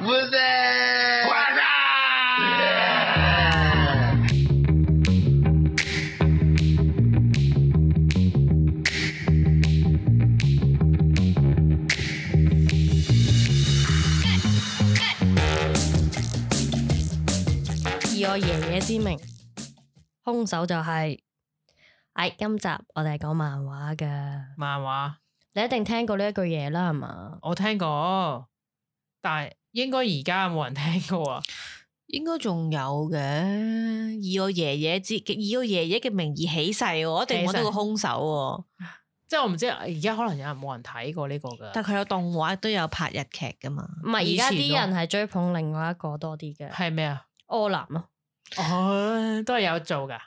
With Yeah! 以我爺爺之名，凶手就係、係。哎，今集我哋係講漫畫㗎。漫畫畫，你一定聽過呢一句嘢啦，係嘛？我聽過，但係。應該而家冇人聽過啊？應該仲有嘅，以我爺爺之，以我爺爺嘅名義起誓，我一定揾到個凶手。即係我唔知，而家可能有，有人冇人睇過呢個噶。但係佢有動畫，都有拍日劇噶嘛？唔係，而家啲人係追捧另外一個多啲嘅。係咩啊？柯南咯。哦，都係有做噶，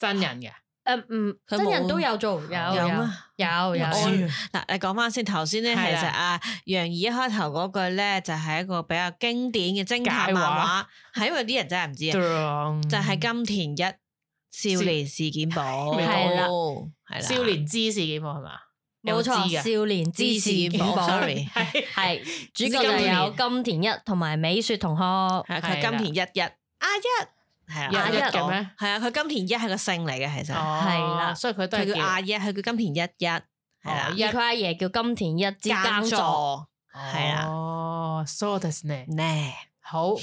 真人嘅。 誒，嗯，真人都有做，有有有有。嗱，你講翻先，頭先咧其實阿楊怡一開頭嗰句咧，就係一個比較經典嘅偵探漫畫，係因為啲人真係唔知啊，就係金田一少年事件簿，係啦，少年之事件簿係嘛，冇錯，少年之事件簿，Sorry，係主角就有金田一同埋美雪同學，係佢金田一，一阿一。係啊，亞一嘅咩？係啊，佢金田一係個姓嚟嘅，其實係啦，所以佢都係叫。佢叫亞一，佢叫金田一一，係啦。而佢阿爺叫金田一耕助，係啦。哦，shortest name，name，好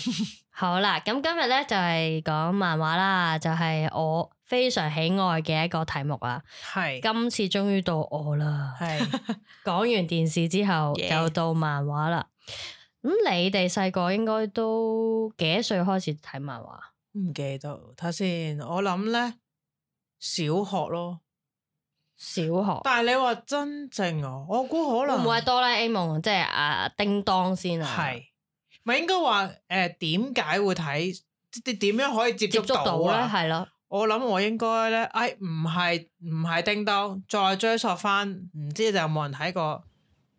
好啦。咁今日咧就係講漫畫啦，就係我非常喜愛嘅一個題目啊。係。今次終於到我啦。係。講完電視之後，又到漫畫啦。咁你哋細個應該都幾歲開始睇漫畫？唔記得，睇先。我諗咧小學咯，小學。但係你話真正啊，我估可能唔會係哆啦 A 夢，即係啊叮當先啊。係咪應該話誒？點解會睇？你點樣可以接觸到咧？係咯。我諗我應該咧，哎，唔係唔係叮當，再追溯翻，唔知就有冇人睇過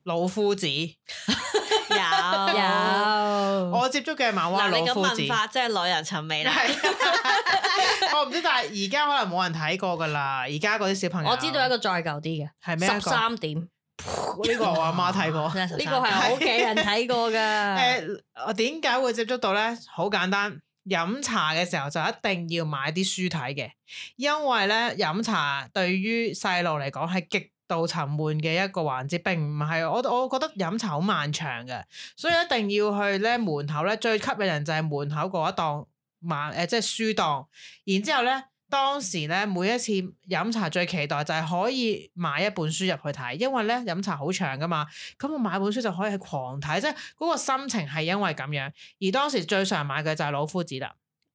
老夫子。 有 有，有 我接觸嘅漫畫老夫子 你嘅文化即係耐人尋味啦。 我唔知，但係而家可能冇人睇過噶啦。而家嗰啲小朋友， 我知道一個再舊啲嘅，係咩？十三點呢、 呢個我阿媽睇過，呢個係屋企人睇過嘅。誒、 呃，我點解會接觸到咧？好簡單，飲茶嘅時候就一定要買啲書睇嘅，因為咧飲茶對於細路嚟講係極。到沉悶嘅一個環節，並唔係我，我覺得飲茶好漫長嘅，所以一定要去咧門口咧，最吸引人就係門口嗰一檔買誒，即係書檔，然之後咧，當時咧每一次飲茶最期待就係可以買一本書入去睇，因為咧飲茶好長噶嘛，咁我買本書就可以去狂睇，即係嗰個心情係因為咁樣，而當時最常買嘅就係《老夫子》啦。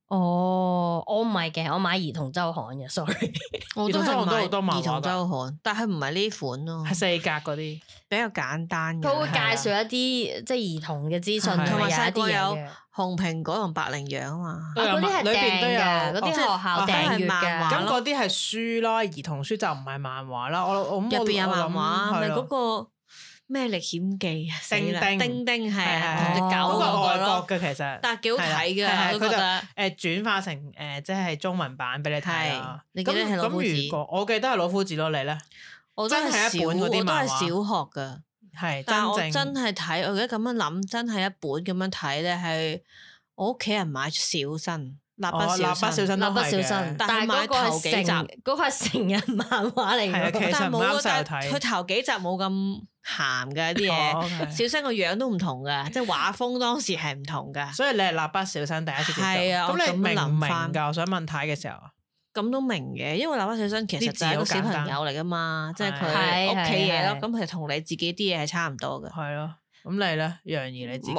哦，我唔係嘅，我買兒童週刊嘅，sorry。兒童週刊都好多漫畫噶。兒童週刊，但係唔係呢款咯。係四格嗰啲，比較簡單嘅。佢會介紹一啲即係兒童嘅資訊，同埋有一啲有紅蘋果同白羚羊啊嘛。啊，嗰啲係訂，裏邊都有，嗰啲學校訂閱噶。咁嗰啲係書咯，兒童書就唔係漫畫啦。我我冇入邊有漫畫，係咪個？咩歷險記叮叮叮叮啊？聖丁丁係嗰個外國嘅其實，但係幾好睇㗎。佢、啊啊、就誒、呃、轉化成誒即係中文版俾你睇啦、啊。咁咁、啊、如果我記得係老夫子攞你咧？真係一本嗰啲漫畫都係小學㗎。係但我真係睇，我而家咁樣諗，真係一本咁樣睇咧，係我屋企人買咗小新。《蠟筆小新》《蠟筆小新》，但係買過頭幾集嗰個係成嗰塊係成人漫畫嚟嘅。但係冇，佢頭幾集冇咁鹹嘅啲嘢，小新個樣都唔同噶，即係畫風當時係唔同噶。所以你係蠟筆小新第一次係啊？咁你明唔明噶？我想問太嘅時候啊。咁都明嘅，因為蠟筆小新其實就係個小朋友嚟噶嘛，即係佢屋企嘢咯。咁其實同你自己啲嘢係差唔多噶。係咯，咁你咧，楊怡你自己。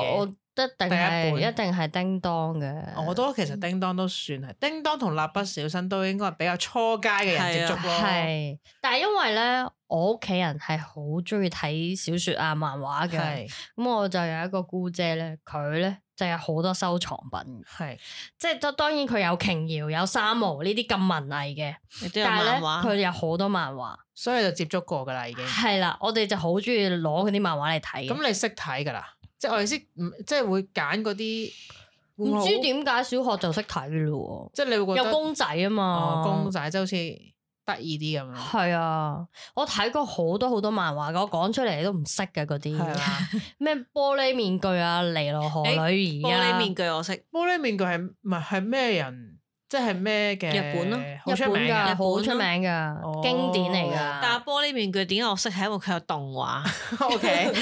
一,一定係一定係叮當嘅、哦，我都其實叮當都算係叮當同蠟筆小新都應該係比較初階嘅人接觸咯。係、啊，但係因為咧，我屋企人係好中意睇小說啊、漫畫嘅，咁是、嗯、我就有一個姑姐咧，佢咧就有好多收藏品，係是即係當然佢有瓊瑤、有三毛有呢啲咁文藝嘅，但係咧佢有好多漫畫，所以就接觸過噶啦，已經係啦的。我哋就好中意攞佢啲漫畫嚟睇，咁你識睇噶啦。即係我意思，唔即係會揀嗰啲，唔知點解小學就識睇嘅咯。即係你會覺得有公仔啊嘛、哦，公仔即係好似得意啲咁樣。係啊，我睇過好多好多漫畫，我講出嚟，你都唔識嘅嗰啲。咩玻璃面具啊，尼羅河女兒。玻璃面具我識，玻璃面具係唔係係咩人？即係咩嘅？日本咯，好出名，好出名㗎，經典嚟㗎。但係玻璃面具點解我識係因為佢有動畫，OK。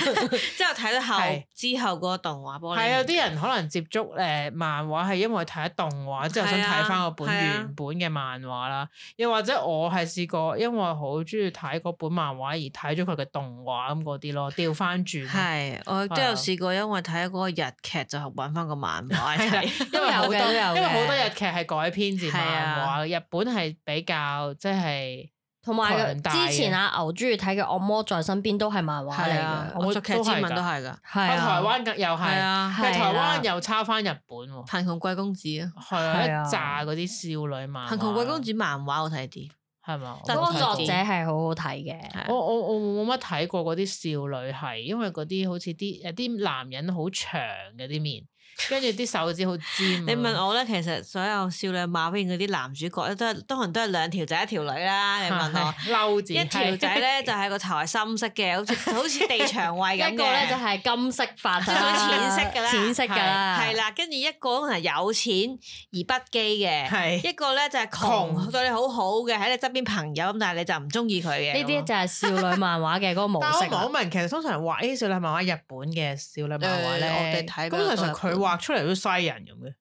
之後睇咗後之後嗰個動畫玻璃。係有啲人可能接觸誒漫畫係因為睇咗動畫，之後想睇翻個本原本嘅漫畫啦。又或者我係試過因為好中意睇嗰本漫畫而睇咗佢嘅動畫咁嗰啲咯，調翻轉。係，我都有試過因為睇嗰個日劇就揾翻個漫畫睇，因為好多因為好多日劇係改。編自漫畫，日本係比較即係。同埋之前阿牛鍾意睇嘅《惡魔在身邊》都係漫畫嚟嘅，我劇集漫都係噶。喺台灣又係，喺台灣又抄翻日本喎。貧窮貴公子啊？係啊，一紮嗰啲少女漫。貧窮貴公子漫畫好睇啲係嘛？但係作者係好好睇嘅。我我我冇乜睇過嗰啲少女係，因為嗰啲好似啲有啲男人好長嘅啲面。跟住啲手指好尖。你問我咧，其實所有少女漫畫嗰啲男主角咧，都係可能都係兩條仔一條女啦。你問我，一條仔咧就係個頭係深色嘅，好似好似地長胃咁。一個咧就係金色髮，即係屬於淺色㗎咧。淺色㗎，係啦。跟住一個通常有錢而不羈嘅，一個咧就係窮對你好好嘅，喺你側邊朋友咁，但係你就唔中意佢嘅。呢啲就係少女漫畫嘅嗰個模式。但我問其實通常畫呢啲少女漫畫日本嘅少女漫畫咧，我哋睇，通常佢畫。畫出嚟都嘥人咁嘅，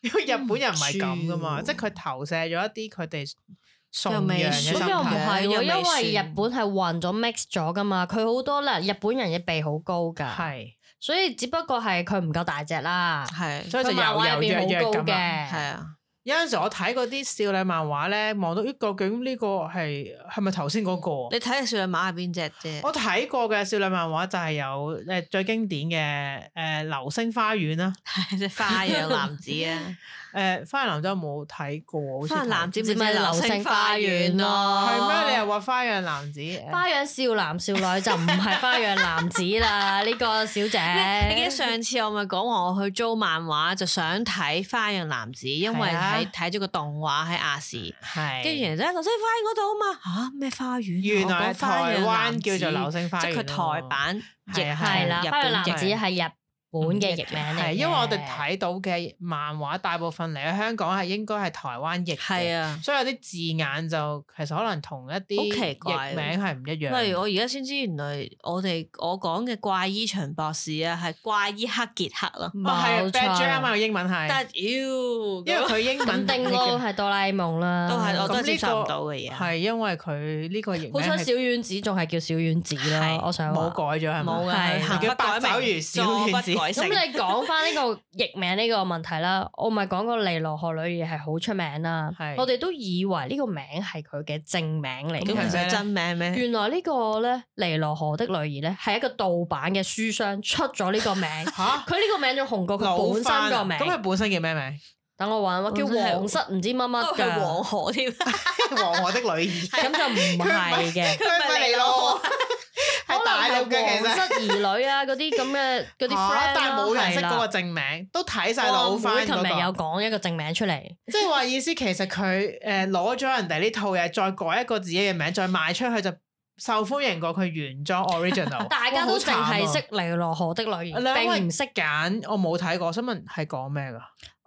因為日本人唔係咁噶嘛，嗯、即係佢投射咗一啲佢哋崇洋嘅心態。又唔係喎，啊、因為日本係混咗 mix 咗噶嘛，佢好多咧日本人嘅鼻好高噶，係是，所以只不過係佢唔夠大隻啦，係是，所以就又又唔好高嘅，係啊。有陣時我睇嗰啲少女漫畫咧，望到咦、呢個，究竟呢個係係咪頭先嗰個？你睇嘅少，少女漫畫係邊隻啫？我睇過嘅少女漫畫就係有誒最經典嘅誒、呃、流星花園啦、啊，係 花樣男子啊！誒、 呃，花樣男子我冇睇過？ 好似花樣男子唔係流星花園咯、啊？係咩？你又話花樣男子、啊？ 花樣少男少女就唔係花樣男子啦，呢 個小姐。你記得上次我咪講話我去租漫畫就想睇花樣男子，因為、啊。睇睇咗個動畫喺亞視，係是，跟住然之後流星花園度啊嘛吓咩花園，原來台灣叫做流星花園，即係佢台版，係啦，花月男只係日是本嘅譯名嚟，係因為我哋睇到嘅漫畫大部分嚟喺香港係應該係台灣譯啊，所以有啲字眼就其實可能同一啲譯名係唔一樣。例如我而家先知原來我哋我講嘅怪醫秦博士啊，係怪醫黑傑克咯，個係 b a d g 啊英文係。得妖，因為佢英文定咯係哆啦 A 夢啦，都係我都接受唔到嘅嘢。係因為佢呢個譯名。好彩小丸子仲係叫小丸子咯，我想冇改咗係冇嘅，唔好改名。小丸子。咁你講翻呢個譯名呢個問題啦， 我咪講過《尼羅河女兒》係好出名啦，是我哋都以為呢個名係佢嘅正名嚟嘅，咁係真名咩？原來呢個咧《尼羅河的女兒》咧係一個盜版嘅書商出咗呢個名，佢呢 個名仲紅過佢本身個名，咁佢、啊、本身叫咩名？等我玩咯，叫王室唔知乜乜，嘅黃河添，黃河的女兒，咁就唔係嘅，佢咪嚟咯，係大嘅其實，王室兒女啊嗰啲咁嘅嗰啲，但係冇人識嗰個正名，都睇晒老番。琴日有講一個正名出嚟，即係話意思，其實佢誒攞咗人哋呢套嘢，再改一個自己嘅名，再賣出去就受歡迎過佢原裝 original。大家都淨係識《嚟羅河的女兒》，並唔識揀。我冇睇過，新聞係講咩噶？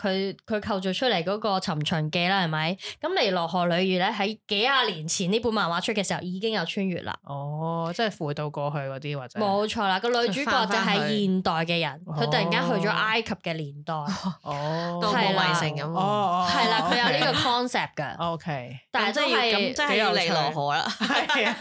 佢佢構造出嚟嗰個尋秦記啦，係咪？咁《尼羅河女兒》咧喺幾廿年前呢本漫畫出嘅時候已經有穿越啦。哦，即係回到過去嗰啲或者。冇錯啦，個女主角就係現代嘅人，佢突然間去咗埃及嘅年代。哦，係啦。哦哦哦。係啦，佢有呢個 concept 㗎。OK。但係都係，都係尼羅河啦。係啊，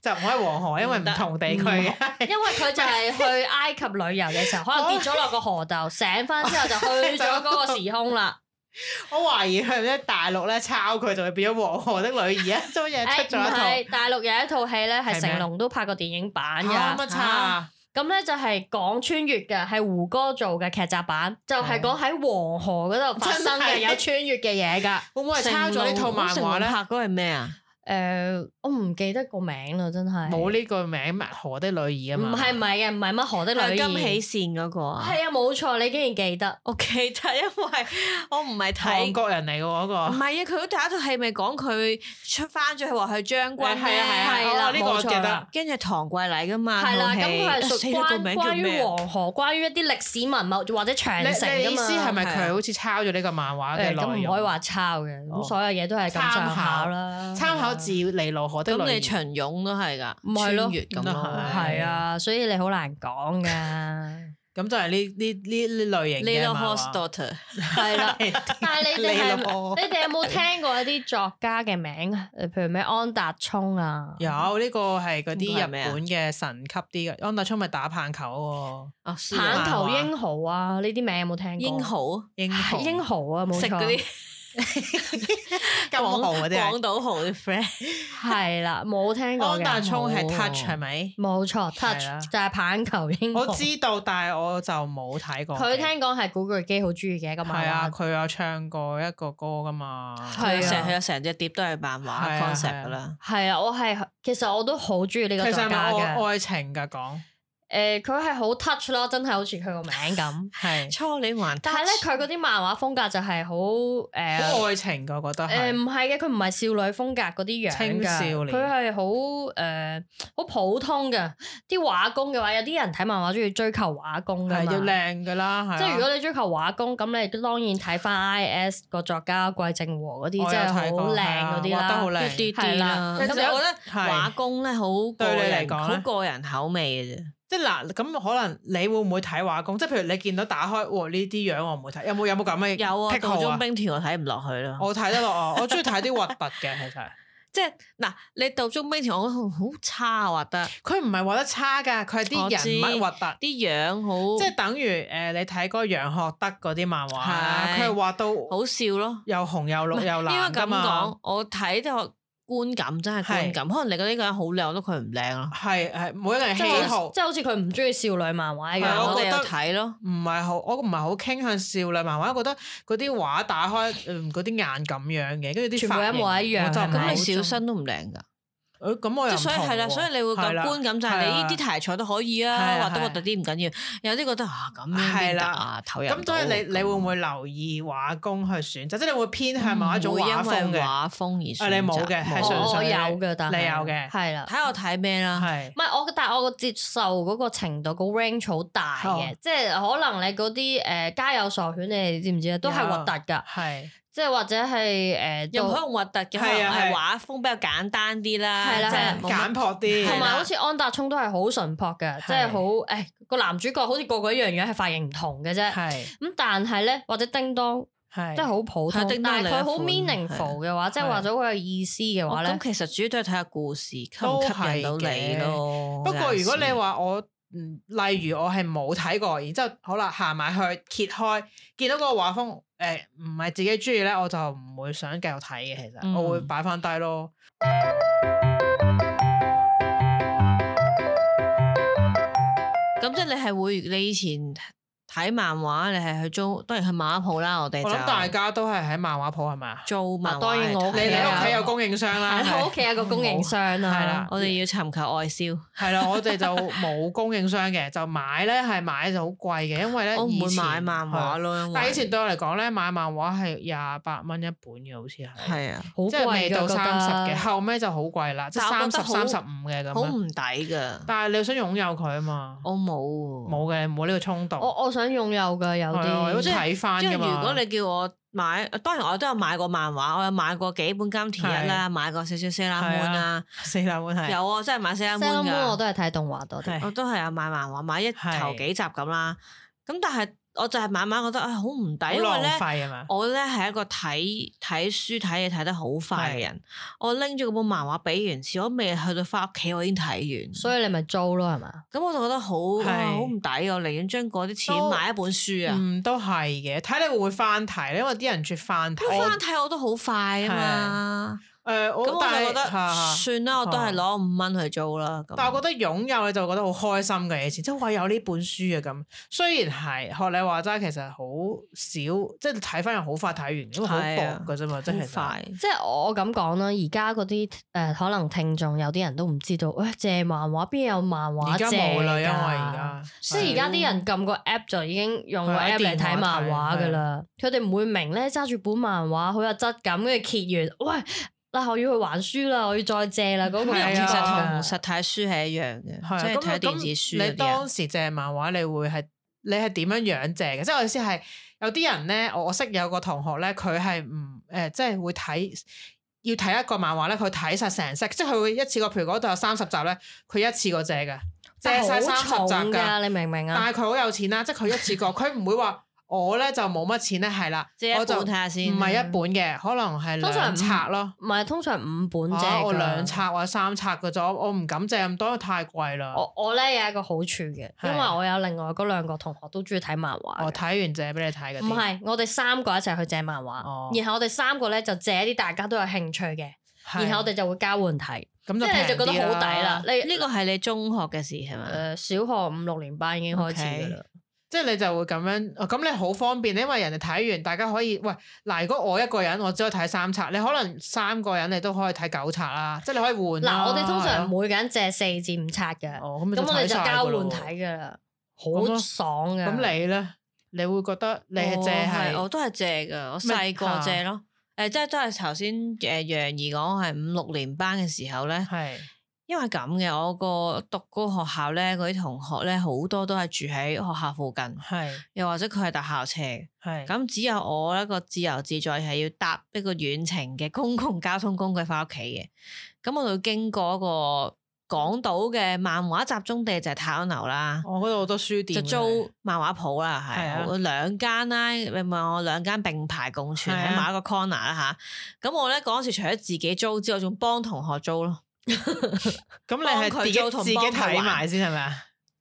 就唔可以黃河，因為唔同地區。因為佢就係去埃及旅遊嘅時候，可能跌咗落個河度，醒返之後就去咗嗰時空啦， 我懷疑佢喺大陸咧抄佢，就會變咗黃河的女兒啊！乜 嘢出咗一套、 哎，大陸有一套戲咧，係成龍都拍過電影版嘅，咁咧嗎、啊、就係講穿越嘅，係胡歌做嘅劇集版，就係講喺黃河嗰度發生嘅有穿越嘅嘢噶， 會唔會係抄咗呢套漫畫咧？拍嗰係咩啊？誒，我唔記得個名啦，真係冇呢個名《漠河的女兒》啊，唔係唔係嘅，唔係《漠河的女兒》金喜善嗰個啊，係啊，冇錯，你竟然記得我記得，因為我唔係睇，韓國人嚟嘅個，唔係啊，佢第一套係咪講佢出翻咗去話佢將軍，係啊係啊，係啦冇錯。跟住唐貴禮噶嘛，係啦，咁佢係屬關關於黃河，關於一啲歷史文物或者長城啊嘛，你意思係咪佢好似抄咗呢個漫畫嘅內容？咁唔可以話抄嘅，咁所有嘢都係參考啦，參考。自尼羅河的，咁你長勇都係噶，穿越咁咯，係啊，所以你好難講噶。咁就係呢呢呢呢類型。尼羅河 daughter 係啦，但係你哋係，你哋有冇聽過一啲作家嘅名？譬如咩安達充啊？有呢個係嗰啲日本嘅神級啲嘅，安達充咪打棒球喎？啊，棒球英豪啊，呢啲名有冇聽過？英豪，英豪？英豪啊，冇錯。廣島好啲 friend 係啦，冇聽過嘅。安達充係 touch 係咪？冇錯，touch 就係棒球。英我知道，但係我就冇睇過。佢聽講係古巨基好中意嘅，咁係啊。佢有唱過一個歌噶嘛？佢成佢成隻碟都係漫畫 concept 啦。係啊，我係其實我都好中意呢個動畫嘅。愛情噶講。誒佢係好 touch 咯，真係好似佢個名咁。係初戀還但呢，但係咧佢嗰啲漫畫風格就係好誒好愛情噶，我覺得。誒唔係嘅，佢唔係少女風格嗰啲樣噶，佢係好誒好普通噶。啲畫工嘅話，有啲人睇漫畫中意追求畫工㗎嘛，係要靚㗎啦。啊、即係如果你追求畫工，咁你當然睇翻 I S 個作家桂正和嗰啲，即係好靚嗰啲啦。其實我覺得是畫工咧好，對，對你嚟講好個人口味嘅啫。即係嗱，咁可能你會唔會睇畫工？即係譬如，你見到打開呢啲樣，我唔會睇。有冇有冇咁嘅嘢？有啊、哦，道中冰條我睇唔落去啦。 我睇得落，我我中意睇啲核突嘅，其實。即係嗱，你道中冰條我好差啊。畫得。佢唔係畫得差噶，佢係啲人物核突。啲樣好。即係等於誒、呃，你睇嗰個楊學德嗰啲漫畫，佢係畫到好笑咯，又紅又綠，又綠又藍噶嘛。我睇就。觀感真係觀感，觀感是可能你覺得呢個人好靚，我覺得佢唔靚咯。係係，每一個人喜好，即係好似佢唔中意少女漫畫一樣，我哋睇咯。唔係好，我唔係好傾向少女漫畫，我覺得嗰啲畫打開，嗯，嗰啲眼咁樣嘅，跟住啲全部一模一樣。咁你小新都唔靚噶？咁我又即所以係啦，所以你會咁觀感就係你呢啲題材都可以啊，畫得核突啲唔緊要，有啲覺得啊咁變格啊投入。咁所以你你會唔會留意畫工去選擇？即係你會偏向某一種畫風嘅。因為畫風而選擇。你冇嘅，係純粹我有嘅，但你有嘅，係啦。睇我睇咩啦？係。唔係我，但係我個接受嗰個程度，個 range 好大嘅。即係可能你嗰啲誒家有傻犬，你哋知唔知啊？都係核突㗎。係。即係或者係誒，又可能核突嘅，可能係畫風比較簡單啲啦，即係簡樸啲。同埋好似安達充都係好純樸嘅，即係好誒個男主角好似個個一樣樣係髮型唔同嘅啫。咁但係咧，或者叮當，即係好普通，但係佢好 meaningful 嘅話，即係話咗有意思嘅話咧。咁其實主要都係睇下故事吸唔吸引到你咯。不過如果你話我例如我係冇睇過，然之後好啦，行埋去揭開，見到嗰個畫風，呃，唔係自己中意咧，我就唔會想繼續睇嘅。其實我會擺翻低咯。咁、嗯、 即係你係會你以前，睇漫畫，你係去租，當然去漫畫鋪啦。我哋大家都係喺漫畫鋪，係咪啊？租漫當然我你屋企有供應商啦。喺我屋企有個供應商啦，我哋要尋求外銷。係啦，我哋就冇供應商嘅，就買咧係買就好貴嘅，因為咧以前買漫畫咯。但係以前對我嚟講咧，買漫畫係廿八蚊一本嘅，好似係係啊，即係未到三十嘅，後尾就好貴啦，即係三十、三十五嘅咁。好唔抵㗎！但係你想擁有佢啊嘛？我冇冇嘅，冇呢個衝動。想擁有嘅有啲，即係如果你叫我買，嗯、當然我都有買過漫畫，嗯、我有買過幾本金田一啦，的買過少少 Sailor Moon 啦，Sailor Moon 係有啊，即係買 Sailor Moon 嘅，Sailor Moon 我都係睇動畫多啲，的我都係有買漫畫買一頭幾集咁啦，咁的但係。我就係慢慢覺得啊好唔抵，因為咧我咧係一個睇睇書睇嘢睇得好快嘅人，是我拎住嗰本漫畫俾完錢，我未去到翻屋企，我已經睇完。所以你咪租咯係嘛？咁我就覺得好好唔抵，我寧願將嗰啲錢買一本書啊。嗯，都係嘅，睇你會唔會翻睇？因為啲人住翻睇，翻我翻睇我都好快啊嘛。我誒，呃、但我覺得算，算啦，嗯，我都係攞五蚊去租啦。嗯，咁但係我覺得擁有你就覺得好開心嘅嘢，即係我有呢本書啊咁。雖然係學你話齋，其實好少，即係睇翻又好快睇完，因為好薄噶啫嘛。真係快。即係我咁講啦，而家嗰啲誒可能聽眾有啲人都唔知道，誒，借漫畫邊有漫畫借冇啦，因為而家。即係而家啲人撳個 app 就已經用個 app 嚟睇呀漫畫噶啦，佢哋唔會明咧揸住本漫畫好有質感，跟住揭完，喂！嗱、啊，我要去還書啦，我要再借啦，咁其實同實體書係一樣嘅，即係睇電子書，你當時借漫畫，你會係你係點樣樣借嘅？嗯、即係意思係有啲人咧，我我識有個同學咧，佢係唔誒，即係會睇要睇一個漫畫咧，佢睇晒成 s 即係佢會一次個蘋果度有三十集咧，佢一次個借嘅，借晒三十集嘅，你明唔明啊？但係佢好有錢啦，即係佢一次個，佢唔會話。 我咧就冇乜錢咧，係啦，借一本睇下先，唔係一本嘅，可能係兩冊咯。唔係，通常五本啫。哦，我兩冊或者三冊嘅就，我唔敢借咁多，太貴啦。我我咧有一個好處嘅，因為我有另外嗰兩個同學都中意睇漫畫。我睇完借俾你睇嘅。唔係，我哋三個一齊去借漫畫，然後我哋三個咧就借啲大家都有興趣嘅，然後我哋就會交換睇，即係就覺得好抵啦。你呢個係你中學嘅事係咪？誒，小學五六年班已經開始噶啦。即係你就會咁樣，咁、哦、你好方便，因為人哋睇完，大家可以喂嗱。如果我一個人，我只可以睇三冊，你可能三個人你都可以睇九冊啦。即係你可以換、啊。嗱，我哋通常每個人借四至五冊嘅，哦，咁。我哋就交換睇噶啦，好、哦、爽噶。咁、哦、你咧，你會覺得你係借係、哦？我都係借噶，我細個借咯。誒麼、欸欸，即係都係頭先誒楊怡講係五六年班嘅時候咧，係。因為咁嘅，我個讀個學校咧，嗰啲同學咧，好多都係住喺學校附近，係是，又或者佢係搭校車嘅，係是。咁只有我一個自由自在係要搭一個遠程嘅公共交通工具翻屋企嘅咁我就要經過一個港島嘅漫畫集中地就係、是、泰安樓啦。我嗰度好多書店，就租漫畫鋪啦，係、啊、啊，我兩間啦，你問我兩間並排共存喺某、啊、一個 corner 啦吓。咁、啊、我咧嗰陣時除咗自己租之外，仲幫同，同學租咯。咁你係自己同自己睇埋先係咪啊？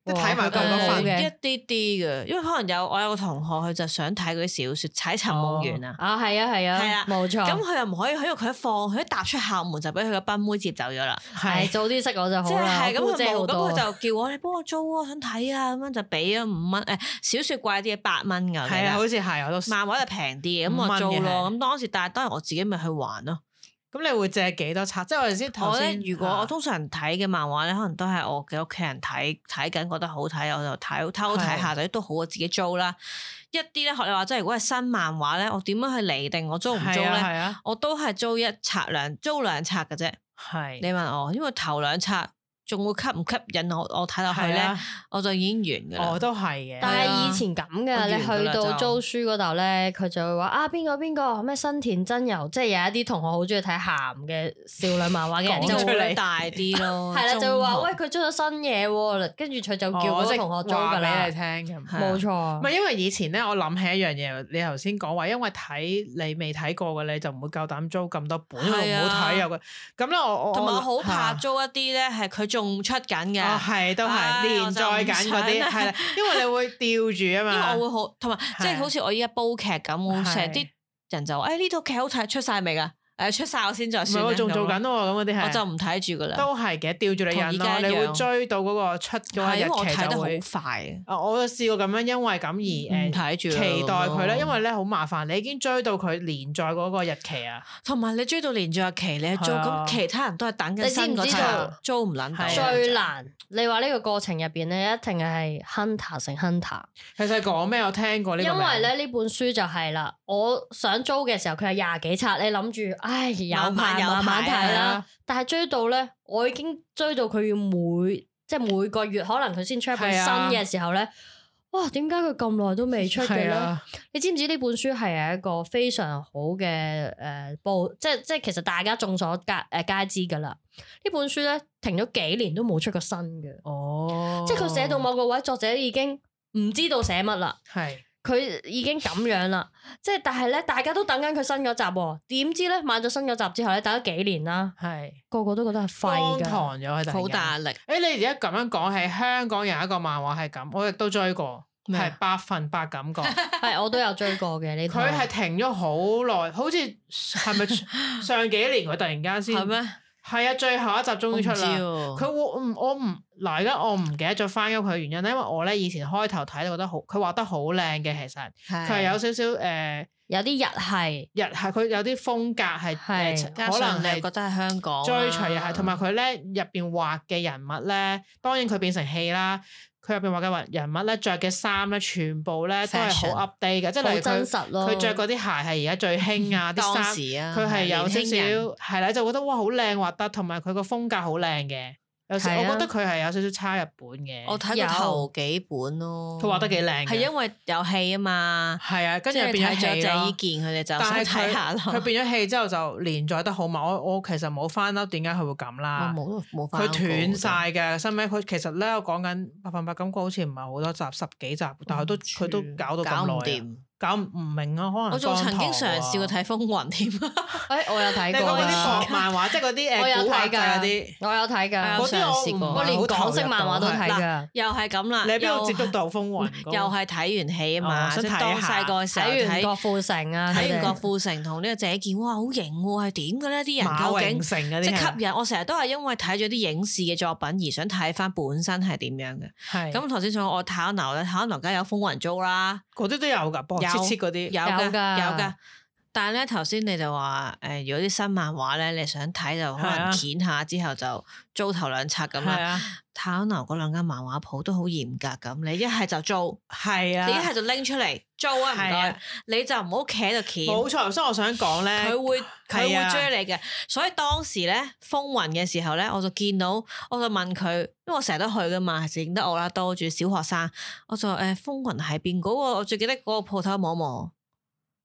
都睇埋咁多份一啲啲嘅，因為可能有我有個同學佢就想睇嗰啲小說，踩尋夢園啊，啊係啊係啊，係啊。冇錯。咁佢又唔可以，喺度。佢一放，佢一踏出校門就俾佢個班妹接走咗啦。係早啲識我就好即啦，咁佢冇佢就叫我你幫我租啊，想睇啊，咁樣就俾咗五蚊。誒，小說貴啲嘅八蚊噶，係啊，好似係我都漫畫就平啲嘅，咁我租咯。咁當時但係當然我自己咪去還咯。咁你會借幾多冊？即係我哋先睇，我咧，如果我通常睇嘅漫畫咧，可能都係我嘅屋企人睇睇緊，覺得好睇，我就睇偷睇下就是的 都好。我自己租啦，一啲咧學你話，即係如果係新漫畫咧，我點樣去嚟，定我租唔租咧？我都係租一冊兩租兩冊嘅啫。係是的 你問我，因為頭兩冊。仲會吸唔吸引我？我睇落去咧，我就已經完噶啦。我都係嘅。但係以前咁嘅，你去到租書嗰度咧，佢就會話啊，邊個邊個咩新田真由，即係有一啲同學好中意睇咸嘅少女漫畫嘅人，就會大啲咯。係啦，就會話喂，佢租咗新嘢，跟住佢就叫嗰同學租噶啦。你嚟聽。冇錯。唔係因為以前咧，我諗起一樣嘢，你頭先講話，因為睇你未睇過嘅你就唔會夠膽租咁多本，因唔好睇又。咁咧，我同埋好怕租一啲咧，係佢。仲出緊嘅，係都係連載緊嗰啲，係、啊、現在 啦， 因為你會吊住啊嘛。因為我會好，同埋 即係好似我依家煲劇咁，成日啲人就話誒，呢套劇好睇，出晒未㗎？誒，出晒我先再算，我仲做緊喎。咁嗰啲係我就唔睇住噶啦，都係嘅吊住你癮咯，你會追到嗰個出嗰個日期就會。因為我睇得好快，我就試過咁樣，因為咁而唔睇住，期待佢咧，因為咧好麻煩，你已經追到佢連載嗰個日期啊，同埋你追到連續日期，你係租，咁其他人都係等緊新，你知唔知道租唔撚到，最難。你話呢個過程入邊咧，一定係 Hunter 成 Hunter。其實講咩，我聽過呢。因為咧呢本書就係啦，我想租嘅時候佢係廿幾冊，你諗住。唉，有排有排盼啦，盼但係追到咧，我已經追到佢要每，即係每個月可能佢先出一本新嘅時候咧，是啊，哇，點解佢咁耐都未出嘅咧？是啊、你知唔知呢本書係一個非常好嘅誒、報、呃、即係即係其實大家眾所皆誒皆知噶啦，呢本書咧停咗幾年都冇出過新嘅，哦，即係佢寫到某個位，作者已經唔知道寫乜啦，係。哦佢已經咁樣啦，即係但係咧，大家都等緊佢新嗰集喎、哦。點知咧，買咗新嗰集之後咧，等咗幾年啦，係是個個都覺得係廢嘅堂咗，係突然間好大壓力。誒、欸，你而家咁樣講係香港有一個漫畫係咁，我亦都追過，係麼百分百感覺係 我都有追過嘅。呢佢係停咗好耐，好似係咪上幾年佢 突然間先？咩？係啊，最後一集終於出啦。佢我唔我唔嗱，而家，我唔記得咗翻屋佢嘅原因，因為我咧以前開頭睇到覺得好，佢畫得好靚嘅其實，佢係有少少誒，呃、有啲日系，日系佢有啲風格係，可能你覺得係香港追隨日系，同埋佢咧入邊畫嘅人物咧，當然佢變成戲啦。佢入邊畫嘅人物咧，着嘅衫咧，全部咧都係好 update 嘅，即係例如佢佢着嗰啲鞋係而家最興，嗯、啊，啲衫佢係有少少係啦，就覺得哇好靚畫得，同埋佢個風格好靚嘅。我覺得佢係有少少差日本嘅。我睇過頭幾本咯。佢畫得幾靚。係因為有戲啊嘛。係啊，跟住又變咗戲咯。意佢哋就但想睇下。佢變咗戲之後就連載得好嘛。我我其實冇翻啦。點解佢會咁啦？冇冇翻佢斷晒嘅。後尾佢其實咧，我講緊百分百感覺好似唔係好多集，十幾集，但係都佢都搞到咁耐。搞唔明啊，可能我仲曾經嘗試過睇風雲添。哎，我有睇過。你講嗰啲漫畫，即係啲誒古惑嘅啲，我有睇噶。嗰啲我連港式漫畫都睇噶。又係咁啦，你邊度接觸到風雲？又係睇完戲啊嘛，想睇下。睇完郭富城啊，睇完郭富城同呢個鄭伊健，哇，好型喎，係點嘅呢？啲人究竟？馬榮成，即吸引我成日都係因為睇咗啲影視嘅作品而想睇翻本身係點樣嘅。咁，頭先講我睇《阿牛》咧，《阿牛》梗有《風雲》組啦，嗰啲都有噶。切嗰啲有噶，有噶。但係咧，頭先你就話，誒、呃，如果啲新漫畫咧，你想睇就可能剪下之後就租頭兩冊咁啦。坦白講，嗰兩間漫畫鋪都好嚴格咁，你一係就租，係啊，你一係就拎出嚟租啊，唔該，啊、你就唔好企喺度鉗。冇錯、啊，所以我想講咧，佢會佢會追你嘅。啊、所以當時咧，風雲嘅時候咧，我就見到，我就問佢，因為我成日都去噶嘛，認得我啦，多住小學生，我就話，誒、欸，風雲喺邊？嗰個我最記得嗰個鋪頭望望。摸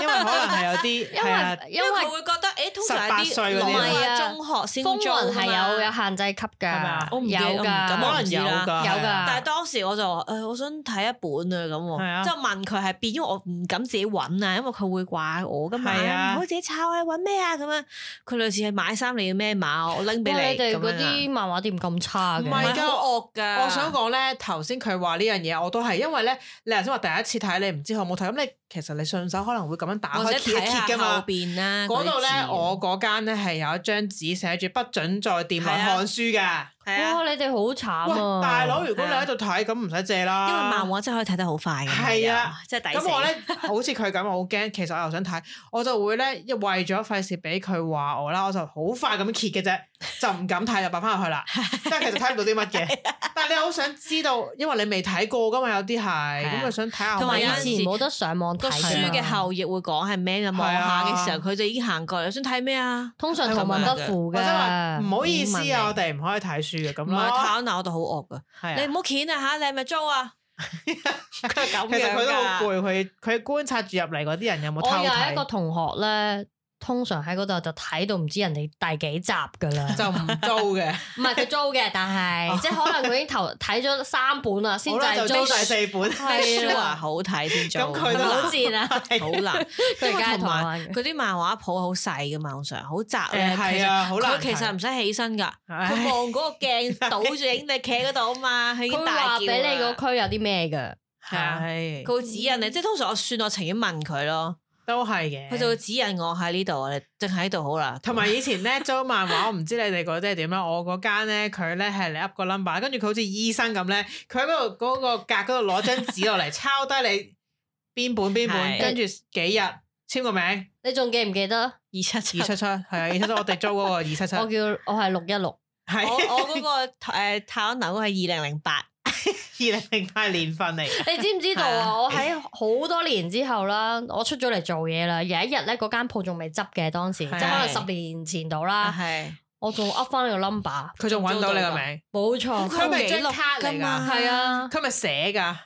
因為可能有啲，因為因為會覺得，誒通常啲中學先文係有有限制級㗎，係咪啊？有㗎，冇人有㗎，有㗎。但係當時我就話，誒我想睇一本啊咁，即係問佢係邊，因為我唔敢自己揾啊，因為佢會怪我㗎嘛，唔好自己抄啊，揾咩啊咁樣。佢類似係買衫你要咩碼，我拎俾你。你哋嗰啲漫畫店咁差，唔係㗎，惡㗎。我想講咧，頭先佢話呢樣嘢，我都係因為咧，你頭先話第一次睇你唔知好唔好睇，咁你其實你順手可能會。咁樣打開揭一揭嘅嘛，嗰度咧，呢我嗰間咧係有一張紙寫住不准在店內看書嘅。哇！你哋好慘啊！大佬，如果你喺度睇，咁唔使借啦。因為漫畫真係可以睇得好快嘅。係啊，即係抵。咁我咧好似佢咁，我好驚。其實我又想睇，我就會咧，為咗費事俾佢話我啦，我就好快咁揭嘅啫，就唔敢睇就擺翻入去啦。即係其實睇唔到啲乜嘢，但係你好想知道，因為你未睇過㗎嘛，有啲係咁咪想睇下。同埋有時冇得上網睇嘅。書嘅後頁會講係咩嘅望下嘅時候，佢就已經行過。又想睇咩啊？通常同文不符嘅。唔好意思啊，我哋唔可以睇書。咁咯，鬧到好惡㗎，你唔好謙啊吓，你係咪租啊？ 其實佢都好攰，佢佢 觀察住入嚟嗰啲人有冇偷睇。我有一個同學咧。通常喺嗰度就睇到唔知人哋第幾集噶啦，就唔租嘅。唔係佢租嘅，但係即係可能佢已經投睇咗三本啦，先就租第四本。書還好睇先租，咁佢都好賤，好難。佢同埋佢啲漫畫鋪好細噶嘛，通常好窄啊。係啊，好難。佢其實唔使起身噶，佢望嗰個鏡倒住影你企嗰度啊嘛。佢話俾你個區有啲咩噶，係。佢指引你，即係通常我算我情願問佢咯。都係嘅，佢就會指引我喺呢度，淨喺度好啦。同埋以前咧， 租漫畫我唔知你哋覺得係點樣？我嗰間咧，佢咧係你噏個 number，跟住佢好似醫生咁咧，佢喺嗰度嗰個格嗰度攞張紙落嚟抄低你邊本邊本，跟住的幾日簽個名。你仲記唔記得？二七七？那個、二七七，係啊，二七七我哋租嗰個二七七。我叫的我係六一六，我我、那、嗰個誒、呃、泰安樓係二零零八。二零零八年份嚟，你知唔知道啊？我喺好多年之後啦，我出咗嚟做嘢啦，有一日咧，嗰間鋪仲未執嘅，當時即係是的 可能十年前度啦，係是的 我仲 Up 翻你個 number，佢仲搵到你個名，冇錯錯，佢咪張 card 嚟噶，係啊，佢咪寫噶。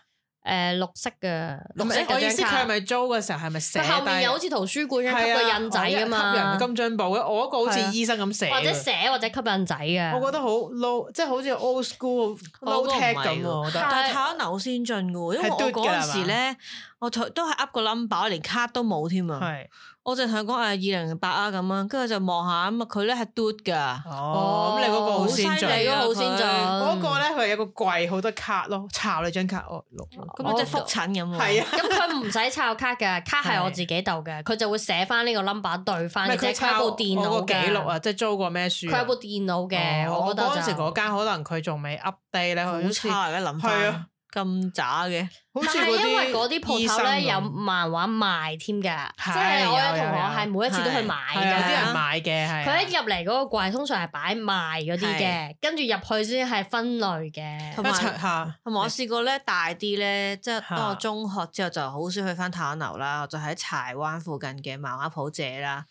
誒綠色嘅，綠色，是綠色我意思佢係咪租嘅時候係咪寫？後面有好似圖書館一樣嘅，啊、印仔啊嘛，吸引咁進步嘅，我一個好似醫生咁寫，啊，或者寫或者吸印仔嘅。我覺得 low, 好 low，即係好似 old school low tech 咁喎，我也但係泰安牛先進嘅，是因為我嗰陣時咧。我台都係噏個 number，連卡都冇添啊！我就同佢講啊，二零零八啊咁啊，跟住就望下咁啊，佢咧係 do 噶哦，咁你嗰個好先進，嗰個好先進，個咧佢有個櫃，好多卡咯，抄你張卡哦，咁即係復診咁啊，咁佢唔使抄卡噶，卡係我自己度嘅，佢就會寫翻呢個 number 對翻，佢有部電腦記錄啊，即係租過咩書？佢有部電腦嘅，我覺得，陣時嗰間可能佢仲未 update 咧，佢好差嘅 number 咁渣嘅，好似係因為嗰啲鋪頭咧有漫畫賣添噶，是即係我有同學係每一次都去買，有啲人買嘅。佢一入嚟嗰個櫃，通常係擺賣嗰啲嘅，跟住入去先係分類嘅。同埋，同埋我試過咧大啲咧，即係的當我中學之後就好少去翻坦樓啦，我就喺柴灣附近嘅漫畫鋪借啦。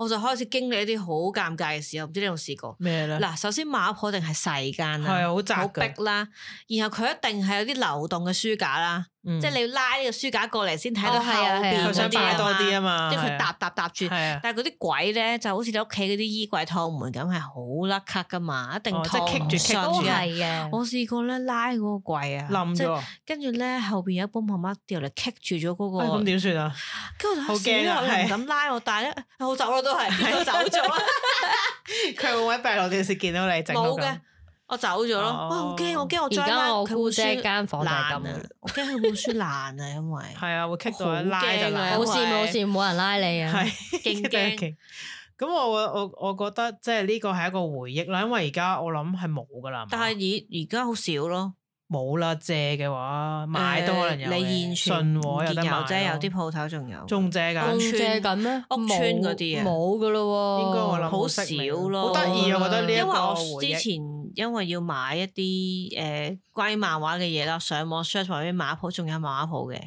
我就開始經歷一啲好尷尬嘅事，我唔知你有冇試過咩咧？嗱，首先馬婆定係細間，係啊，好窄，好逼啦。然後佢一定係有啲流動嘅書架啦。即係你要拉呢個書架過嚟先睇到後邊嗰啲，想擺多啲啊嘛，即係佢搭搭搭住，但係嗰啲櫃咧就好似你屋企嗰啲衣櫃趟門咁，係好 lock 噶嘛，一定。哦，即係卡住，卡住嘅。都係嘅。我試過咧拉嗰個櫃啊，冧咗。跟住咧後邊有一本漫畫掉嚟，卡住咗嗰個。咁點算啊？好驚啊！諗拉我，但係咧我走咗都係，走咗。佢會唔會喺閉路電視見到你整嗰個？我走咗咯，我好驚，我驚我我姑姐間房爛啊，我驚佢本書爛啊，因為係啊會棘到佢拉就係，冇事冇事，冇人拉你啊，勁驚 是。咁我我我我覺得即係呢個係一個回憶啦，因為而家我諗係冇噶啦，但係而而家好少咯。冇啦，借嘅話，買都可能有，欸。你現存喎，有得買，有啲鋪頭仲有，有。仲借噶？仲借咁咩？屋村嗰啲啊，冇噶咯喎。應該我諗好少咯。好得意啊！我覺得呢、這、一、個，因為我之前因為要買一啲誒關於漫畫嘅嘢啦，上網 search 或者漫畫鋪，仲有漫畫鋪嘅。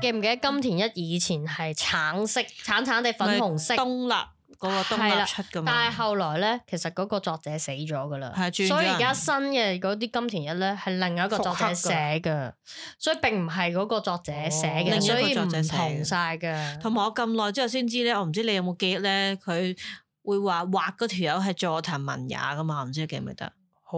記唔記得金田一以前係橙色，橙橙哋粉紅色？東立。個個都立出噶嘛，但係後來咧，其實嗰個作者死咗噶啦，所以而家新嘅嗰啲金田一咧係另外一個作者寫嘅，所以並唔係嗰個作者寫嘅，另一個作者同晒嘅。同埋我咁耐之後先知咧，我唔知你有冇記憶咧，佢會話畫嗰條友係佐藤文也噶嘛，我唔知你記唔記得？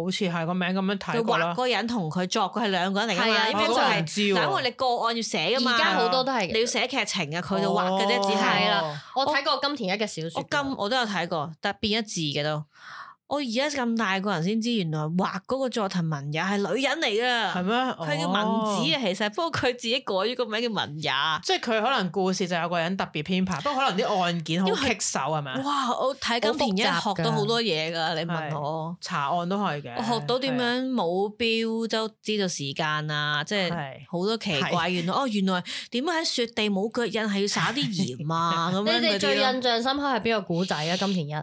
好似係個名咁樣，睇佢畫個人同佢作，佢係兩個人嚟嘅。係啊，呢邊就係照。因為你個案要寫噶嘛，而家好多都係你要寫劇情啊，佢就畫嘅啫，只係啦。我睇過金田一嘅小說，我金我都有睇過，但變一字嘅都。我而家咁大個人先知，原來畫嗰個佐藤文也係女人嚟噶。係咩？佢叫文子啊，其實不過佢自己改咗個名叫文也。即係佢可能故事就有個人特別偏僻，不過可能啲案件好棘手係咪啊？哇！我睇金田一學到好多嘢噶，你問我查案都係嘅，我學到點樣冇表就知道時間啊，即係好多奇怪。原來哦，原來點解喺雪地冇腳印係要撒啲鹽啊？咁你哋最印象深刻係邊個古仔啊？金田一，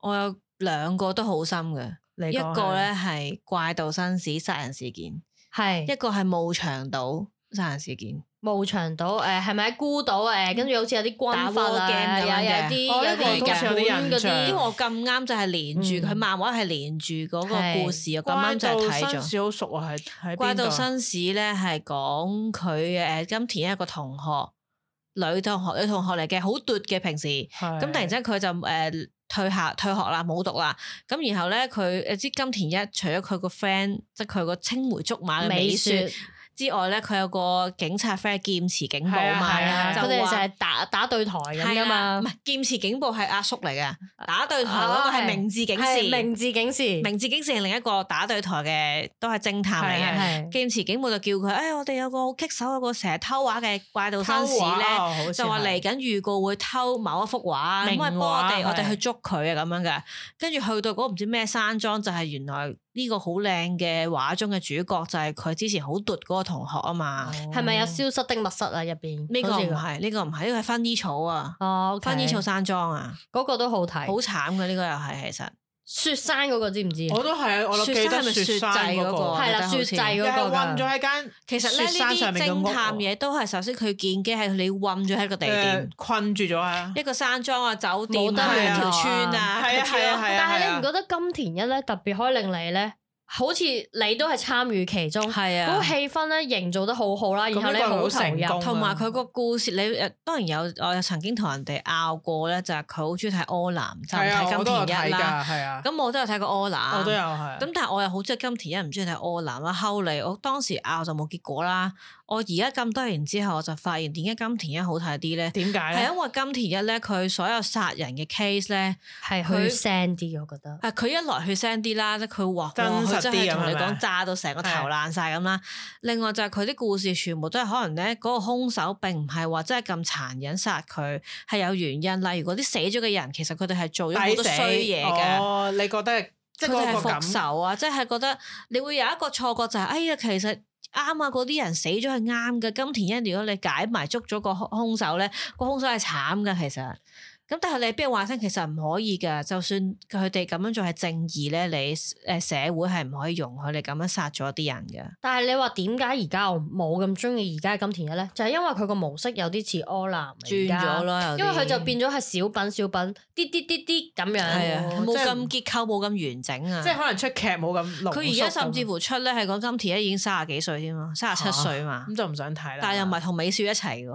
我有。兩個都好深嘅，一個咧係怪盜紳士殺人事件，係一個係墓場島殺人事件，墓場島誒係咪喺孤島誒？跟住好似有啲軍閥啊，有有啲一啲，好印象。因為我咁啱就係連住佢漫畫係連住嗰個故事啊，咁啱就睇咗。紳士好熟啊，係邊個？怪盜紳士咧係講佢誒金田一個同學女同學女同學嚟嘅，好奪嘅平時，咁突然之間佢就誒。退下退學啦，冇讀啦。咁然後咧，佢誒，知金田一除咗佢個 friend，即係佢個青梅竹馬嘅美雪，之外咧，佢有個警察 friend 劍持警部嘛，佢哋、啊啊、就係說打打對台咁啊嘛，唔係劍持警部係阿叔嚟嘅，打對台嗰、啊、個係明智警視、啊，明智警視，明智警視係另一個打對台嘅，都係偵探嚟嘅。啊啊、劍持警部就叫佢，誒、哎、我哋有個好棘手有個成日偷畫嘅怪盜紳士咧，話哦、就話嚟緊預告會偷某一幅畫，咁咪話幫我哋，是我哋去捉佢啊咁樣嘅。跟住去到嗰個唔知咩山莊，就係、是、原來。呢個好靚嘅畫中嘅主角就係佢之前好奪嗰個同學啊嘛，哦，係咪有消失的密室啊入邊？呢個唔係，呢、這個唔係，呢、這個係薰衣草啊，哦，okay, 薰衣草山莊啊，嗰個都好睇，好慘嘅呢個又係其實。雪山嗰個知唔知？我都係，我記得雪山嗰個係啦，雪祭嗰個係韫咗喺間。其實咧呢啲偵探嘢都係首先佢建基喺你韫咗喺個地點，困住咗啊！一個山莊啊，酒店啊，條得的村啊，係啊係啊。但係你唔覺得金田一咧特別開另類咧？好似你都係參與其中，係啊，個氣氛咧營造得好好啦，然後你好投入，同埋佢個故事你誒當然有我又曾經同人哋拗過咧，就係佢好中意睇柯南，就唔睇金田一啦。係啊，咁我都有睇過柯南，我都有係。咁但係我又好中意金田一，唔中意睇柯南。啊，後嚟我當時拗就冇結果啦。我而家咁多年之後，我就發現點解金田一好睇啲咧？點解咧？係因為金田一咧，佢所有殺人嘅 case 咧係佢聲啲，我覺得。啊，佢一來佢聲啲啦，佢畫。即係同你講炸到成個頭爛晒咁啦，的另外就係佢啲故事全部都係可能咧，嗰個兇手並唔係話真係咁殘忍殺佢，係有原因。例如嗰啲死咗嘅人，其實佢哋係做咗好多衰嘢嘅。你覺得即係佢係復仇啊？即係覺得你會有一個錯覺就係，哎呀，其實啱啊，嗰啲人死咗係啱嘅。金田一，如果你解埋捉咗個凶兇手咧，個兇手係慘噶，其實。咁但係你邊話聲其實唔可以噶，就算佢哋咁樣做係正義咧，你誒社會係唔可以容許你咁樣殺咗啲人嘅。但係你話點解而家我冇咁中意而家金田一咧？就係、是、因為佢個模式有啲似柯南，在轉咗啦，因為佢就變咗係小品小品，啲啲啲啲咁樣，冇咁、哎、呀結構冇咁完整啊。即係可能出劇冇咁。佢而家甚至乎出咧係講金田一已經三十幾歲添啦，三十七歲嘛，咁、啊、就唔想睇啦。但係又唔係同美少一齊嘅。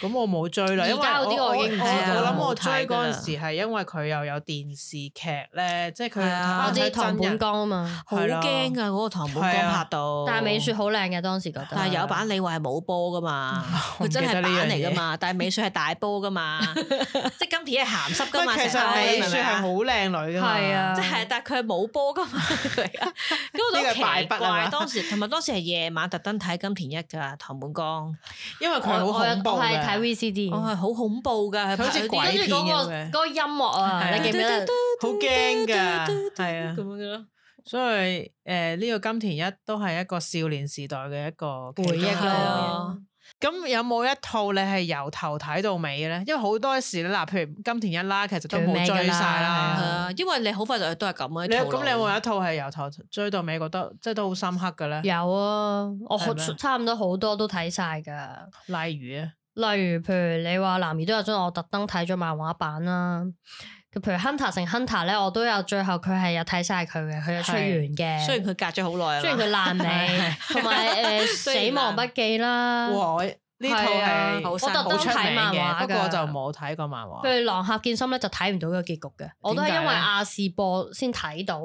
咁 我冇追啦，因為啲我已經唔知道。追嗰陣時係因為佢又有電視劇咧，即係佢。我知唐本剛嘛，好驚㗎嗰個唐本剛拍到，但係美雪好靚嘅，當時覺得。但係有版你話係冇波㗎嘛，佢真係版嚟㗎嘛，但係美雪係大波㗎嘛，即金田一鹹濕㗎嘛。其實美雪係好靚女㗎，係啊，即係但係佢係冇波㗎嘛，咁我都奇怪當時，同埋當時係夜晚特登睇金田一㗎，唐本剛，因為佢好恐怖。我係睇 VCD，我係好恐怖㗎，好似鬼。即係嗰個、那個音樂啊，啊你記唔記得好驚嘅？係啊咁樣嘅咯。所以誒，呢、呃這個金田一都係一個少年時代嘅一個回憶啦。咁、啊、有冇一套你係由頭睇到尾嘅咧？因為好多時嗱，譬如金田一啦，其實都冇追晒啦。係啊，因為你好快就都係咁嘅。咁、啊、你有冇一套係由頭追到尾，覺得即係都好深刻嘅咧？有啊，我嗎好差唔多好多都睇晒噶。例如。啊！例如，譬如你話南耳都有追，我特登睇咗漫畫版啦。譬如亨 u t e 成亨 u n t e 咧，我都有，最後佢係有睇晒佢嘅，佢有出完嘅。雖然佢隔咗好耐，雖然佢爛尾，同埋誒死亡筆記啦。呢套係我特登睇漫畫，不過我就冇睇過漫畫。譬如狼客劍心咧，就睇唔到個結局嘅。我都係因為亞視播先睇到，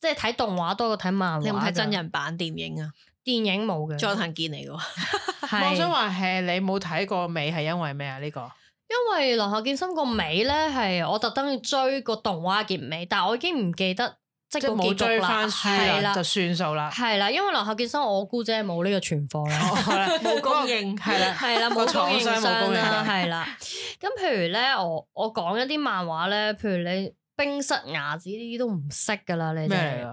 即係睇動畫多過睇漫畫。你有冇睇真人版電影啊？電影冇嘅，佐藤健嚟嘅。我 是想話係你冇睇過尾係因為咩啊？呢個因為下健身《浪客劍心》個尾咧係我特登追個動畫結尾，但我已經唔記得，即係冇追翻書啦，了就算數啦。係啦、啊啊，因為《浪客劍心》我姑姐冇呢個存貨啦，冇供應。係啦、 啊，係啦、啊，冇供應，冇供應。係啦、啊，咁、 啊啊啊、譬如咧，我我講一啲漫畫咧，譬如你。冰室牙子呢啲都唔識噶啦，你哋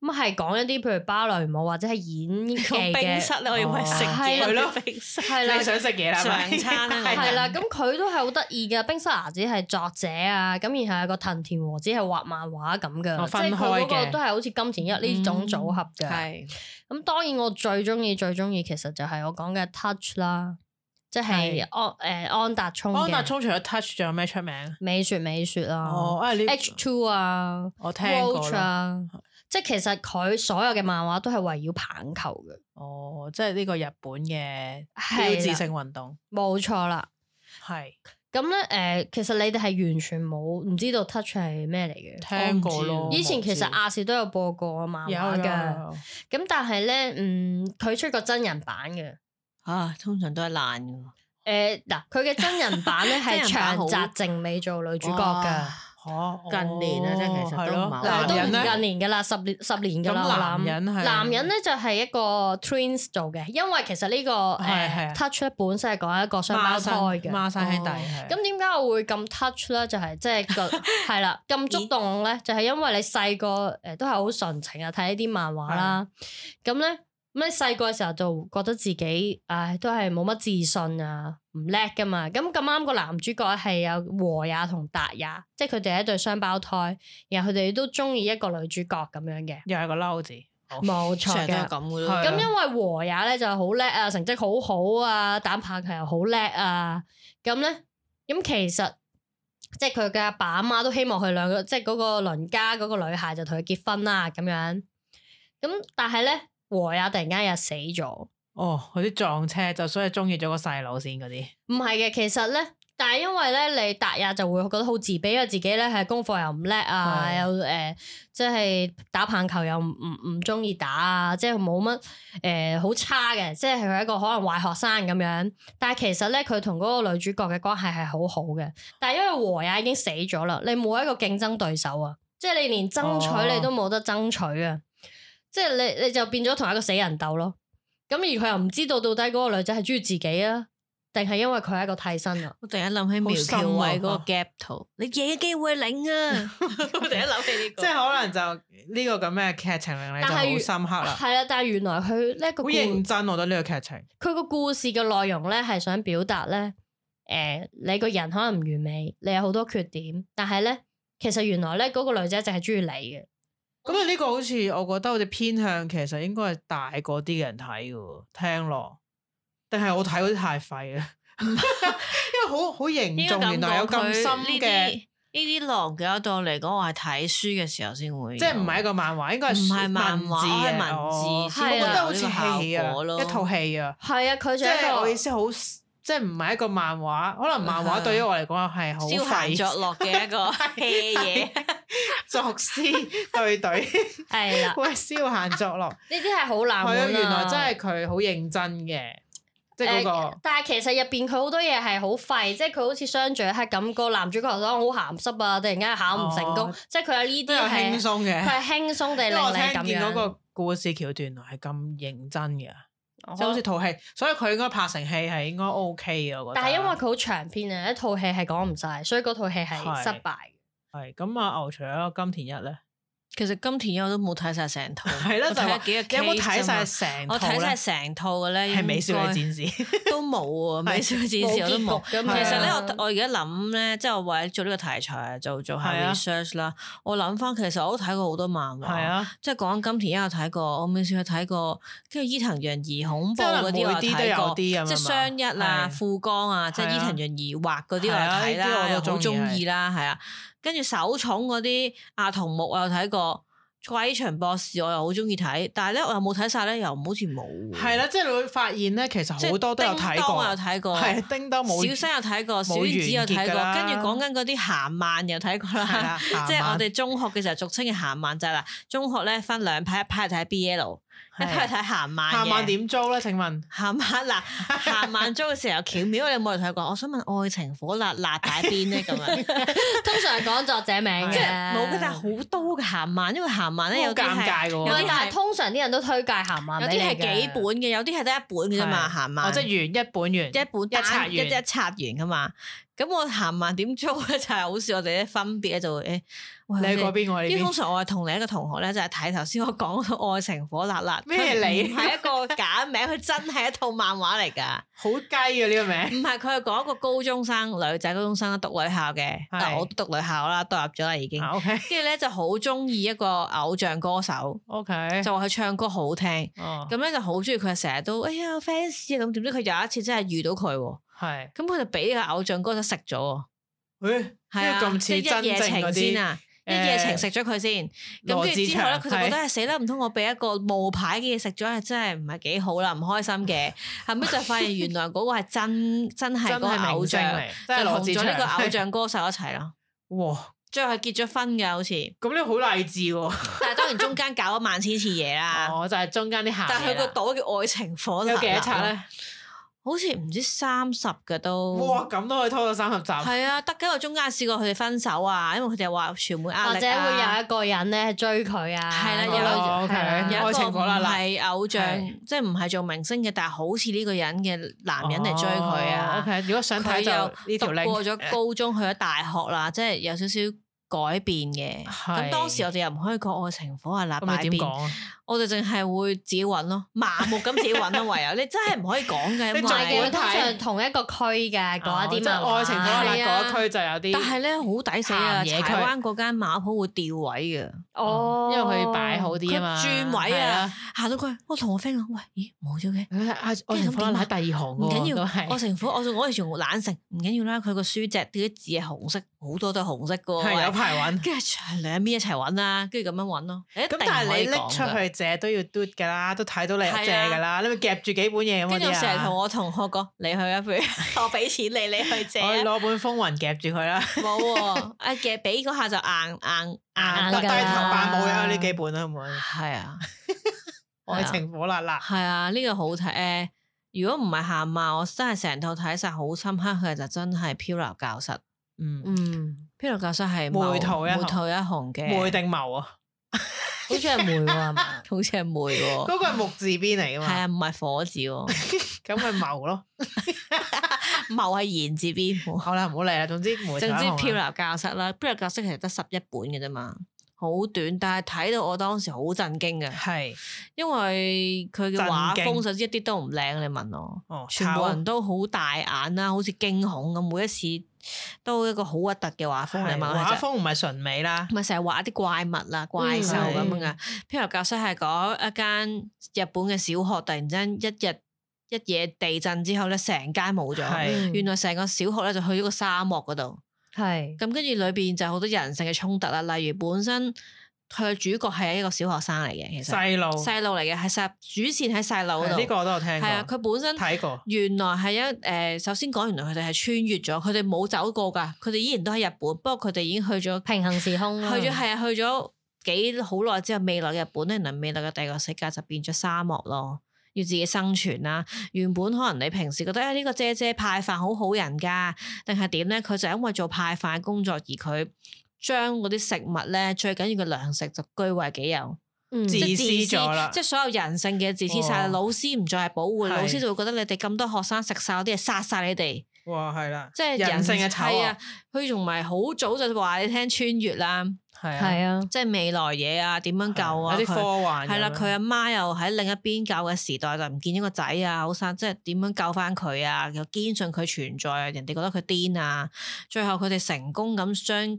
咁係講一啲譬如芭蕾舞或者係演呢嘅冰室，我以為食嘢咯，係啦、哦，啊、你想食嘢啦，上餐係、啊、啦，咁佢都係好得意嘅，冰室牙子係作者啊，咁然後有個藤田和子係畫漫畫咁嘅。即係佢嗰個都係好似金田一呢種組合嘅，係咁、嗯、當然我最中意最中意其實就係我講嘅 touch 啦。即係安，誒，安達充，安達充除咗 Touch 仲有咩出名？美雪美雪啊，哦，哎這個，H two 啊，我聽過、啊、即係其實佢所有嘅漫畫都係圍繞棒球嘅。哦，即係呢個日本嘅標誌性運動，冇錯啦。係咁咧，誒是、呃，其實你哋係完全冇唔知道 Touch 係咩嚟嘅？聽過咯，以前其實亞視都有播過漫畫嘅，咁但係咧，嗯，佢出個真人版嘅。啊，通常都係爛嘅。誒，嗱，佢嘅真人版咧係長澤正美做女主角噶。吓，近年啊，即係其實都唔近年噶啦，十年十年噶啦。男人係男人咧就係一個 Twins 做嘅，因為其實呢個誒 Touch 本身係講一個雙胞胎嘅。孖生兄弟。咁點解我會咁 Touch 咧？就係即係個係啦，咁觸動咧，就係因為你細個誒都係好純情啊，睇呢啲漫畫啦。咁咧。咁你細個嘅時候就覺得自己，唉，都係冇乜自信啊，唔叻噶嘛。咁咁啱個男主角係有和也同達也，即係佢哋係一對雙胞胎，然後佢哋都中意一個女主角咁樣嘅。又係個嬲字，冇錯嘅，成日都係咁嘅。咁因為和也咧就好叻啊，成績好好啊，打棒球又好叻啊。咁咧，咁其實即係佢嘅阿爸阿媽都希望佢兩個，即係嗰個鄰家嗰個女孩就同佢結婚啦咁樣。咁但係咧。和也突然間又死咗，哦，佢啲撞車就所以中意咗個細佬先嗰啲，唔係嘅，其實咧，但係因為咧你達也就會覺得好自卑，因為自己咧係功課又唔叻啊，的又誒、呃、即係打棒球又唔唔中意打啊，即係冇乜誒好差嘅，即係佢係一個可能壞學生咁樣。但係其實咧佢同嗰個女主角嘅關係係好好嘅，但係因為和也已經死咗啦，你冇一個競爭對手啊，即係你連爭取你都冇得爭取啊。哦即係你，你就變咗同一個死人鬥咯。咁而佢又唔知道到底嗰個女仔係中意自己啊，定係因為佢係一個替身啊？我突然諗起苗僑偉嗰個夾套，你野機會領啊！我突然諗起呢個，即係可能就呢個咁嘅劇情令你好深刻啦。係啊，但係原來佢呢個好認真，我覺得呢個劇情，佢個故事嘅內容咧係想表達咧，誒，你個人可能唔完美，你有好多缺點，但係咧，其實原來咧嗰個女仔就係中意你嘅。咁啊！呢個好似我覺得我哋偏向其實應該係大個啲嘅人睇嘅，聽落。定係我睇嗰啲太廢啦， 因為好好凝重，原來有咁深嘅呢啲狼嘅。角度嚟講，我係睇書嘅時候先會，即係唔係一個漫畫，應該係文字，係文字，啊。我覺得好似戲啊，一套戲啊。係啊，佢即係我意思好。即係唔係一個漫畫，可能漫畫對於我嚟講係好廢作樂嘅一個嘢， 是 作詩對對係啦。 的喂，消閒作樂呢啲係好難、啊。係原來真係佢好認真嘅，即係、那、嗰個。欸、但係其實入邊佢好多嘢係好廢，即係佢好似雙掌黑咁個男主角都好鹹濕啊！突然間考唔成功，哦、即係佢有呢啲係輕鬆嘅，佢係輕鬆地係嚟見到咁個故事橋段係咁認真嘅。即係好似套戲，所以佢應該拍成戲係應該 OK 嘅。我覺得，但係因為佢好長篇啊，一套戲係講唔晒，所以嗰套戲係失敗。係咁啊！牛除咗金田一咧。其實金田一我都冇睇晒成套係咯，睇咗幾日。有冇睇晒成？我睇晒成套嘅咧，係美少女戰士都冇啊！美少女戰士我都冇。其實咧，我我而家諗咧，即係我為咗做呢個題材，就做下 research 啦。我諗翻，其實我都睇過好多漫畫，即係講金田一，我睇過；我每次去睇過，跟住伊藤潤二恐怖嗰啲，即係雙一啊，富江啊，即係伊藤潤二畫嗰啲，我睇啦，又好中意啦，係啊。跟住手塚嗰啲阿童木我又睇過，怪醫秦博士我又好鍾意睇，但係咧我又冇睇晒，咧，又好似冇。係啦、啊， 即係你會發現咧，其實好多都有睇過。叮當我又睇過，小新又睇過，小丸子又睇過，跟住講緊嗰啲閒漫又睇過啦。 即係我哋中學嘅時候俗稱嘅閒漫就係啦，中學咧分兩派，一派係睇 BL。你睇係睇咸慢嘅，咸慢點租咧？請問，咸慢嗱，咸慢租嘅時候有巧妙， 你有冇人睇過？我想問愛情火辣辣喺邊咧咁樣？ 通常講作者名嘅，冇，但係好多嘅咸慢，因為咸慢咧有尷尬嘅。唔係，但係通常啲人都推介咸慢，是慢，有啲係幾本嘅，有啲係得一本嘅啫本嘛，咸慢。即係完一本完一本一拆完一拆完嘅嘛。咁我咸慢點租咧就係好似我哋啲分別就誒。哎你喺嗰邊，我喺邊。通常我係同另一個同學咧，就係睇頭先我講到《愛情火辣辣》咩，你係一個假名，佢真係一套漫畫嚟噶。好雞啊！呢個名唔係，佢係講一個高中生女仔，高中生讀女校嘅。但我都讀女校啦，都入咗啦已經。跟住咧，就好中意一個偶像歌手。O K。就話佢唱歌好聽，咁咧就好中意佢。成日都哎呀 fans 啊，咁點知佢有一次真係遇到佢，係咁佢就俾個偶像歌手食咗。誒，係啊，一夜情先啊！一夜情食咗佢先，咁跟住之後咧，佢就覺得係死啦，唔通我俾一個冒牌嘅嘢食咗，係真係唔係幾好啦，唔開心嘅。後尾就發現原來嗰個係真真係嗰偶像嚟，即係羅志祥呢個偶像歌手一齊啦。哇！最後係結咗婚嘅，好似。咁呢好勵志喎！但係當然中間搞咗萬千次嘢啦。哦，就係中間啲下。但係佢個島嘅愛情火都有幾多集咧？好似唔知三十嘅都，哇咁都可以拖到三十集。係啊，得幾個中間試過佢哋分手啊，因為佢哋話傳媒壓力啊，或者會有一個人咧追佢啊，係啦、啊，有個有個唔係偶像，啊、即係唔係做明星嘅，是但係好似呢個人嘅男人嚟追佢啊。Oh, OK，如果想睇就呢條。過咗高中、呃、去咗大學啦，即係有少少改變嘅。咁是當時我哋又唔可以講愛情火啊啦，咁咪我哋淨係會自己搵，咯，麻木咁自己搵咯，唯有你真係唔可以講嘅，因為通常同一個區嘅講啲，即係愛情嗰個嗰一區就有啲。但係咧好抵死呀，柴灣嗰間馬鋪會掉位嘅。哦，因為佢擺好啲啊嘛，轉位啊，行到佢。我同我 friend 講，喂，咦，冇咗嘅。阿我成府喺第二行，唔緊要，我成府，我我以前我懶成，唔緊要啦。佢個書脊啲紙係紅色，好多都係紅色嘅。係有排揾。跟住兩邊一齊揾啦，跟住咁樣揾咯。但係你拎出去借都要嘟噶啦，都睇到你借噶啦，你咪夾住幾本嘢咁啊！跟住成日同我同學講，你去一倍，我俾錢你，你去借。我攞本風雲夾住佢啦。冇啊！夾俾嗰下就硬硬硬噶。低頭扮冇啊！呢幾本啊，好唔好？係啊，愛情火辣辣。係啊，呢個好睇誒！如果唔係喊啊，我真係成套睇晒好深刻，佢就真係《漂流教室》。嗯嗯，《漂流教室》係梅圖一梅圖一雄嘅梅定謀啊。 好似係梅喎，好似係梅喎，嗰 個係木字邊嚟噶嘛？係啊、 嗯，唔係火字，咁係謀咯，謀係言字邊。好啦，唔好理啦，總之梅，總之漂流教室啦，漂流教室其實得十一本嘅啫嘛，好短，但係睇到我當時好震驚嘅，係是因為佢嘅畫風，甚至一啲都唔靚，你問我，哦、全部人都好大眼啦，好似驚恐咁，每一次。都一個好核突嘅畫風嚟嘛，畫風唔係純美啦，唔係成日畫一啲怪物啦、怪獸咁樣噶。嗯、譬如教室係講一間日本嘅小學，突然間一日一夜地震之後咧，成間冇咗，係原來成個小學咧就去咗個沙漠嗰度。係咁跟住裏邊就好多人性嘅衝突啦，例如本身。佢主角係一個小學生嚟嘅，其實細路嚟嘅，係實弟主線喺細路度。呢個我都有聽過。係啊，佢本身睇過，原來係因，誒、呃，首先講，原來佢哋係穿越咗，佢哋冇走過噶，佢哋依然都喺日本，不過佢哋已經去咗平行時空去，去咗係啊，去咗幾好耐之後，未來日本原來未來嘅第二個世界就變咗沙漠咯，要自己生存啦。原本可能你平時覺得誒呢、哎這個姐姐派飯好好人家，定係點咧？佢就因為做派飯工作而佢。將嗰啲食物咧，最緊要嘅糧食就據為己有，嗯、自私咗啦！即係所有人性嘅自私晒，哦、老師唔再係保護，是老師就會覺得你哋咁多學生食晒嗰啲嘢，殺晒你哋。哇、哦，係啦，即係人，人性嘅醜啊！佢仲唔係好早就話你聽穿越啦，係啊，即係未來嘢啊，點樣救啊？啲科幻係啦，佢阿媽又喺另一邊教嘅時代就唔見咗個仔啊，好慘！即係點樣救翻佢啊？又堅信佢存在，人哋覺得佢癲啊！最後佢哋成功咁將。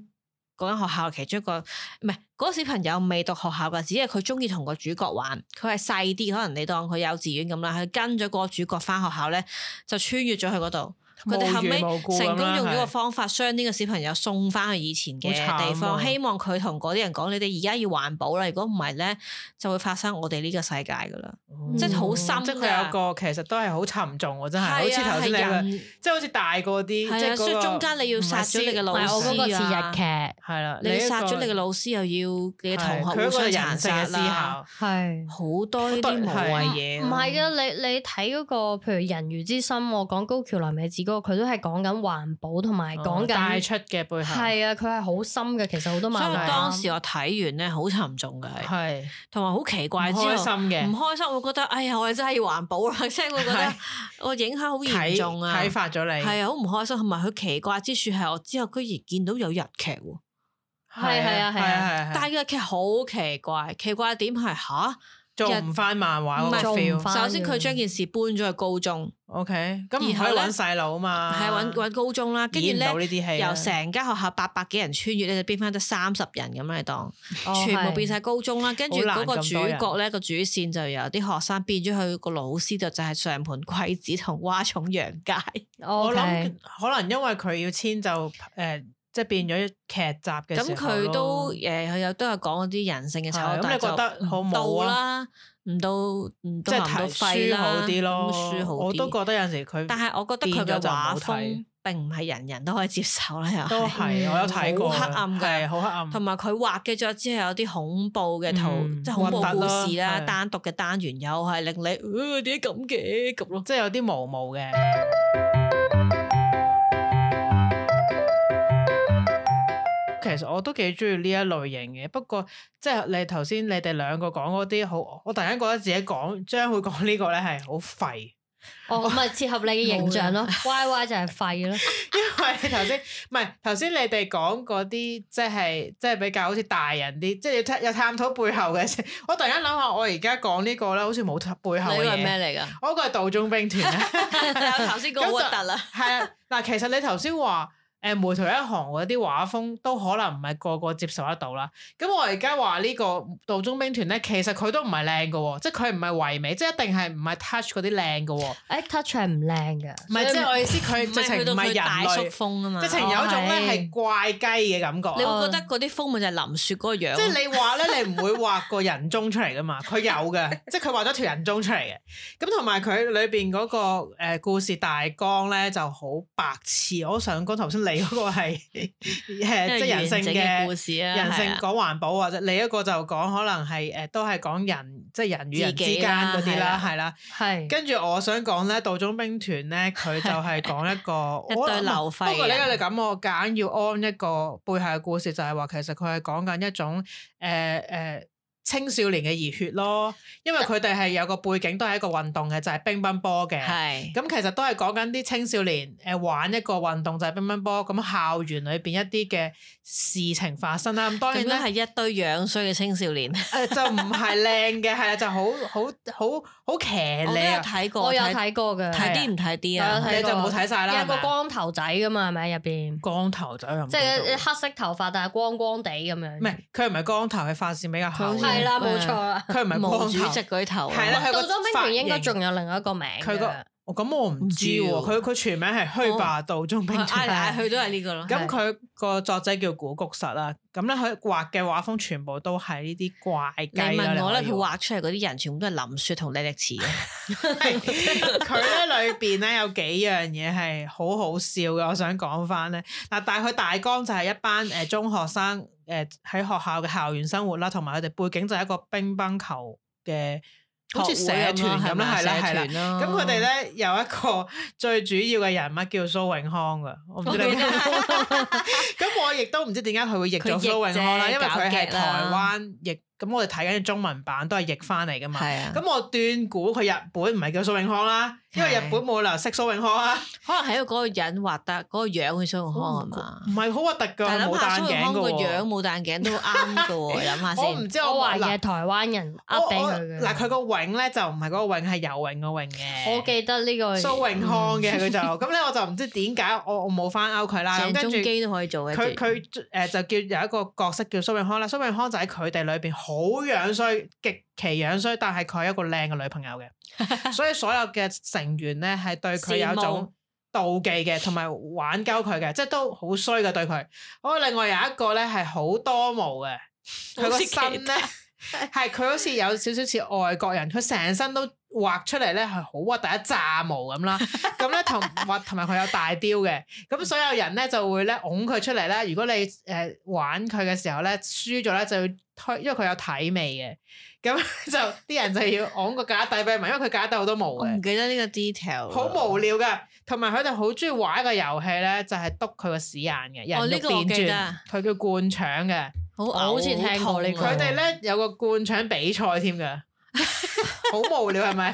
嗰間學校其中一個，唔係，嗰個小朋友未讀學校嘅，只係佢中意同個主角玩。佢係細啲，可能你當佢幼稚園咁啦。佢跟咗個主角翻學校咧，就穿越咗去嗰度。佢哋後尾成功用咗個方法，將呢個小朋友送翻去以前嘅地方，希望佢同嗰啲人講：你哋而家要環保啦！如果唔係咧，就會發生我哋呢個世界噶啦，即係好深。即係佢有個其實都係好沉重，真係好似頭先你話，即係好似大過啲。係啊，所以中間你要殺咗你嘅老師啊！係日劇，係啦，你殺咗你嘅老師又要你嘅同學，好殘殺啦。係好多呢啲無謂嘢。唔係啊，你你睇嗰個譬如《人魚之心》講高橋良美子，佢都係講緊環保，同埋講緊。帶出嘅背後係啊，佢係好深嘅。其實好多問題。所以當時我睇完咧，好沉重嘅係。同埋好奇怪之。唔開心嘅。唔開心，會覺得哎呀，我真係要環保啊！即係會覺得我影響好嚴重啊。啟發咗你。係啊，好唔開心。同埋佢奇怪之處係，我之後居然見到有日劇。係係啊係。啊，係係。但係個劇好奇怪，奇怪點係吓？做唔翻漫畫，首先佢將件事搬咗去高中。O K，咁唔可以揾細佬啊嘛，係揾揾高中啦。跟住咧，由成間學校八百幾人穿越咧，就變翻得三十人咁樣嚟當，哦、全部變晒高中啦。跟住嗰個主角咧，個主線就有啲學生變咗去個老師度，就係上盤桂子同蛙蟲楊介。我諗可能因為佢要遷就誒。呃即係變咗劇集嘅時候咯，咁佢都誒，佢有都有講嗰啲人性嘅醜惡。咁你覺得好唔好啊？唔到啦，唔到，即係睇到書好啲咯，書好啲。我都覺得有時佢。但係我覺得佢嘅畫風並唔係人人都可以接受啦。又都係，我有睇過。好黑暗嘅，好黑暗。同埋佢畫嘅咗之後有啲恐怖嘅圖，即係恐怖故事啦，單獨嘅單元又係令你，誒點解咁嘅局咯？即係有啲毛毛嘅。其實我都幾中意呢一類型嘅，不過即係你頭先你哋兩個講嗰啲好，我突然間覺得自己講將會講呢個咧係好廢，我咪切合你嘅形象咯。有 YY 就係廢咯， 因為頭先唔係頭先你哋講嗰啲即係即係比較好似大人啲，即係要有探討背後嘅。我突然間諗下，我而家講呢個咧，好似冇背後嘅嘢咩嚟噶？我個係道中兵團啊！頭先講核突啦，係啊嗱，其實你頭先話。誒梅圖一行嗰啲畫風都可能唔係個個接受得到啦。咁我而家話呢個道中兵團咧，其實佢都唔係靚噶，即係佢唔係唯美，即係一定係唔係 touch 嗰啲靚噶。誒 touch 係唔靚噶，唔係即係我意思，佢直情唔係大叔風啊嘛。直情有一種咧係怪雞嘅感覺。哦、你會覺得嗰啲風咪就係林雪嗰個樣？嗯、即係你話咧，你唔會畫個人中出嚟噶嘛？佢 有嘅，即係佢畫咗條人中出嚟嘅。咁同埋佢裏邊嗰個故事大綱咧就好白痴。我想講頭先你。嗰個係誒，即係人性嘅故事啊，人性講環保或者，另一個就講可能係誒，都係講人，即係人與人之間嗰啲啦，係啦，係。跟住我想講咧，《道中兵團》咧，佢就係講一個一對流費。不過呢家你咁，我揀要安一個背後嘅故事，就係話其實佢係講緊一種誒誒。青少年嘅熱血咯，因為佢哋係有個背景，都係一個運動嘅，就係、是、乒乓波嘅。係咁是，其實都係講緊啲青少年誒玩一個運動就係、是、乒乓波。咁校園裏邊一啲嘅事情發生啦。咁當然啦，係一堆樣衰嘅青少年，就唔係靚嘅，係啊，就好好好好騎呢。我有睇過，我有睇過嘅，睇啲唔睇啲啊？你就冇睇晒啦。有個光頭仔㗎嘛，係咪入邊？面光頭仔又即係黑色頭髮，但係光光地咁樣。唔係，佢唔係光頭，係髮線比較係啦，冇錯啦。佢唔係毛主席嗰頭，係啦，係個中兵團應該仲有另一個名。佢個，我咁我唔知喎。佢佢全名係虛霸道中兵團，係，係佢都係呢個咯。咁佢個作者叫古谷實啦。咁咧佢畫嘅畫風全部都係呢啲怪雞啦。你問我咧，佢畫出嚟嗰啲人全部都係林雪同李力持。佢咧裏邊咧有幾樣嘢係好好笑嘅，我想講翻咧。嗱，但係佢大綱就係一班誒中學生。誒喺、呃、學校嘅校園生活啦，同埋佢哋背景就係一個乒乓球嘅，好似學位 社團咁啦，係啦吧，係啦了，咁佢哋咧有一個最主要嘅人物叫蘇永康噶，我唔知你點講，咁 我亦都唔知點解佢會譯咗蘇永康啦，因為佢係台灣譯。咁我哋睇緊嘅中文版都係譯翻嚟噶嘛？咁我斷估佢日本唔係叫蘇永康啦，因為日本冇理由識蘇永康啊。可能係嗰個人畫得嗰個樣係蘇永康係嘛？唔係好核突㗎，但係諗下蘇永康個樣冇戴眼鏡都啱㗎喎，諗下先。我唔知我話嘅係台灣人呃佢。嗱佢個泳咧就唔係嗰個泳係游泳個泳嘅。我記得呢個蘇永康嘅佢就咁咧，我就唔知點解我我冇翻勾佢啦。林中基都可以做嘅。佢佢誒就叫有一個角色叫蘇永康啦，蘇永康就喺佢哋裏邊。好樣衰，極其樣衰，但係佢係一個靚嘅女朋友嘅， 所以所有嘅成員咧係對佢有一種妒忌嘅，同埋玩鳩佢嘅，即係都好衰嘅對佢。好，另外有一個咧係好多毛嘅，佢個身咧係佢好似有少少似外國人，佢成身都。畫出嚟咧係好核突一炸毛咁啦，咁咧同同埋佢有大雕嘅，咁所有人咧就會咧拱佢出嚟咧。如果你誒玩佢嘅時候咧輸咗咧就要推，因為佢有體味嘅，咁就啲人就要拱個架底俾埋， 因為佢架底好多毛嘅。唔記得呢個 detail。好無聊噶，同埋佢哋好中意玩一個遊戲咧，就係篤佢個屎眼嘅，人都變轉。佢、哦這個、叫灌腸嘅，我好似聽過。佢哋咧有個灌腸比賽添嘅。好 無聊係咪？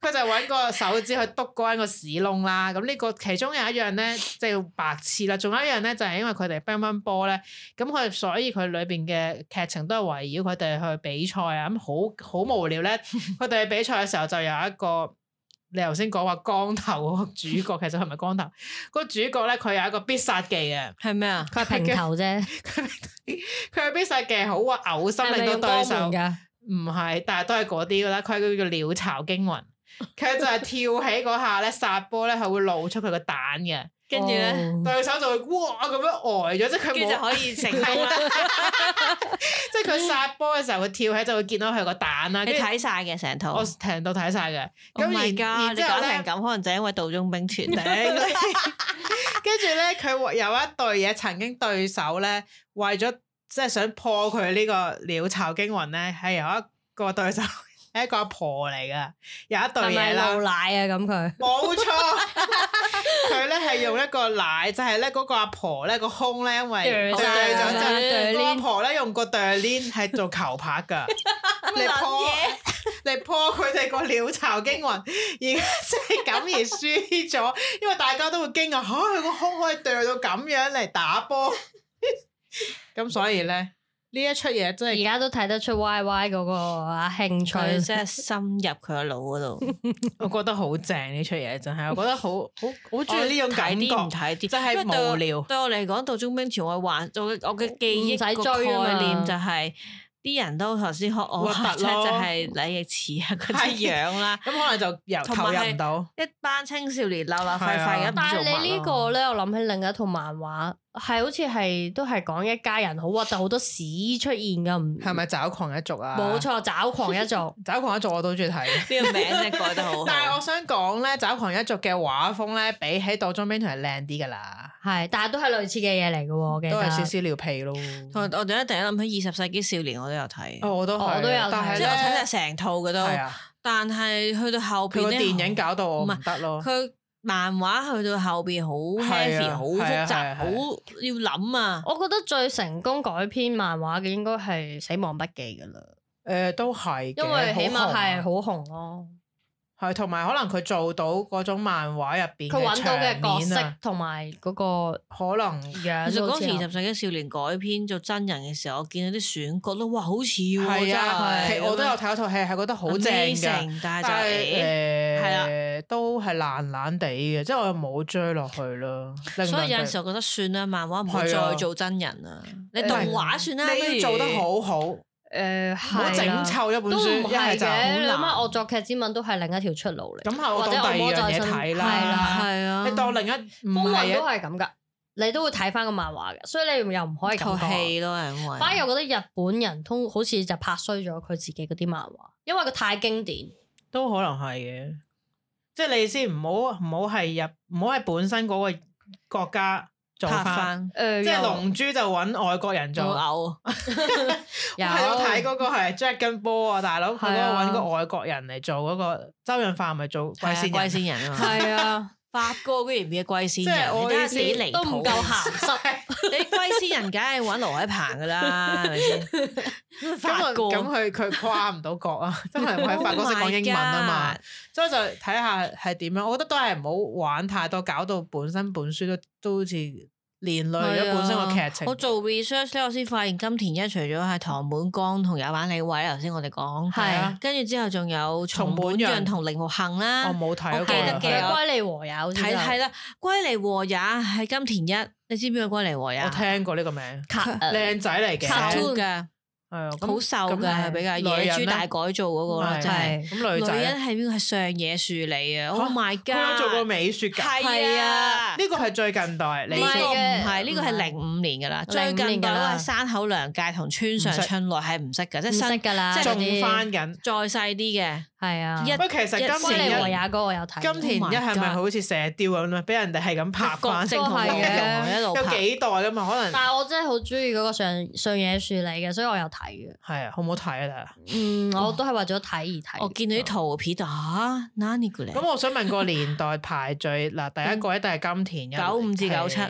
佢就揾個手指去督嗰個屎窿啦。咁呢個其中有一樣咧，即係白痴啦。仲有一樣咧，就係因為佢哋乒乓波咧。咁佢所以佢裏邊嘅劇情都係圍繞佢哋去比賽啊。咁好好無聊咧。佢哋比賽嘅時候就有一個，你頭先講話光頭個主角，其實係咪光頭？ 個主角咧，佢有一個必殺技嘅，係咩啊？佢係平頭啫。佢佢有必殺技是是，好啊，嘔心令到對手噶。 唔係，但係都係嗰啲啦。佢叫做鳥巢驚魂，佢就係跳起嗰下咧，殺波咧，佢會露出佢個蛋嘅。跟住咧，對手就會哇咁樣呆咗，即係佢冇。就可以成功。 即係佢殺波嘅時候，佢跳起就會見到佢個蛋啦。睇晒嘅成套，後部我成到睇晒嘅。咁而家你講成咁，可能就係因為道中兵全底。跟住咧，佢有一對嘢，曾經對手咧為咗。即係想破佢呢個鳥巢驚魂咧，係有一個對手係一個阿婆嚟噶，有一對奶啦。係咪露奶啊？咁佢冇錯，佢咧係用一個奶，就係咧嗰個阿婆咧個胸咧，因為掉掉咗。阿婆咧用個吊鏈係做球拍噶，嚟破嚟破佢哋個鳥巢驚魂，亂而家即係咁而輸咗，因為大家都會驚啊！吓，個胸可以掉到咁樣嚟打波。咁所以咧，呢一出嘢真係而家都睇得出 Y Y 嗰個興趣，即係深入佢個腦嗰度。我覺得好正呢出嘢，真係我覺得好好好中意睇啲唔睇啲，真係無聊。對我嚟講，《盜中兵潮》我幻，我我嘅記憶概念就係啲人都頭先學我，而且就係李易詞啊嗰啲樣啦。咁可能就由投入唔到一班青少年流流廢廢咁。但係你呢個咧，我諗起另一套漫畫。係好似係都係講一家人好核突，好多屎出現噶。係、嗯、咪《抓狂，、啊、狂一族》啊？冇錯，《抓狂一族 》。《抓狂一族》我都中意睇。呢個名真係改得好。但係我想講咧，《抓狂一族》嘅畫風咧，比起中團《稻中兵團》係靚啲噶啦。係，但係都係類似嘅嘢嚟㗎。我記得，都係少少撩皮咯。我哋一定要諗起二十世紀少年，我都有睇、哦哦。我都我都有。即係我睇晒成套嘅都。啊、但係去到後邊佢個電影搞到我唔得是咯。漫畫去到後邊好 happy，好複雜，好要諗啊！啊啊啊我覺得最成功改編漫畫嘅應該係《死亡筆記》噶啦。誒、呃，都係，因為起碼係好紅咯。係，同埋可能佢做到嗰種漫畫入邊佢到嘅角色同埋嗰個可能。其實講《潛入水晶少年》改編做真人嘅時候，我見到啲選角都哇，好似喎真係。我都有睇嗰套戲，係覺得好正嘅，但係誒係啦，都係爛爛地嘅，即係我又冇追落去咯。所以有陣時候覺得算啦，漫畫唔再做真人啦，你動畫算啦，你要做得好好。誒好、嗯、整臭一本書，一係就諗下，惡作劇之吻都係另一條出路嚟。咁係我當得，我嘅嘢睇啦，係啊的，係當你當另一風雲都係咁噶，你都會睇翻個漫畫嘅，所以你又唔可以咁戲咯，係因為反而我覺得日本人通好似就拍衰咗佢自己嗰啲漫畫，因為佢太經典，都可能係嘅，即係你先唔好唔好係日唔好係本身嗰個國家。做翻，即係《龍珠》就揾外國人做。我嘔，係我睇嗰個係 Jack and Ball 啊，大佬，佢嗰個揾個外國人嚟做嗰個。周潤發係咪做龜仙龜仙人啊？係啊，發哥居然變咗龜仙人，而家死嚟都唔夠鹹濕。你龜仙人梗係揾盧海鵬噶啦。發哥咁佢佢跨唔到國啊，真係唔係發哥識講英文啊嘛。所以就睇下係點樣，我覺得都係唔好玩太多，搞到本身本書都都好似。連累本身劇情，啊，我做 research 咧，我先發現金田一除咗係堂本剛同友坂理惠，頭先我哋講，係跟住之後仲有松本潤同鈴木杏啦。我冇睇，我記得《啊、龜梨和也》睇係啦，《龜梨和也》係金田一，你知唔知個《龜梨和也》？我聽過呢個名，靚、啊、仔嚟嘅。係啊，好瘦㗎，比較野豬大改造嗰個咯，即係。咁女女仔係邊個？係上野樹里啊！Oh my god！做過美雪嘅，係啊，呢個係最近代你嘅。呢個唔係，呢個係零五年嘅啦。最近嘅都係山口良介同村上春奈係唔識嘅，即係新嘅啦，即係仲翻緊，再細啲嘅。係啊，不過其實金田一嗰個有睇，金田一係咪好似射雕咁咧？俾人哋係咁拍翻，正精派嘅，有幾代噶嘛？可能。但係我真係好中意嗰個《上上野樹里》嘅，所以我有睇嘅。係啊，好唔好睇啊？咧？嗯，我都係為咗睇而睇。我見到啲圖片，但係嗱呢個嚟。咁我想問個年代排序嗱，第一個一定係金田一，九五至九七，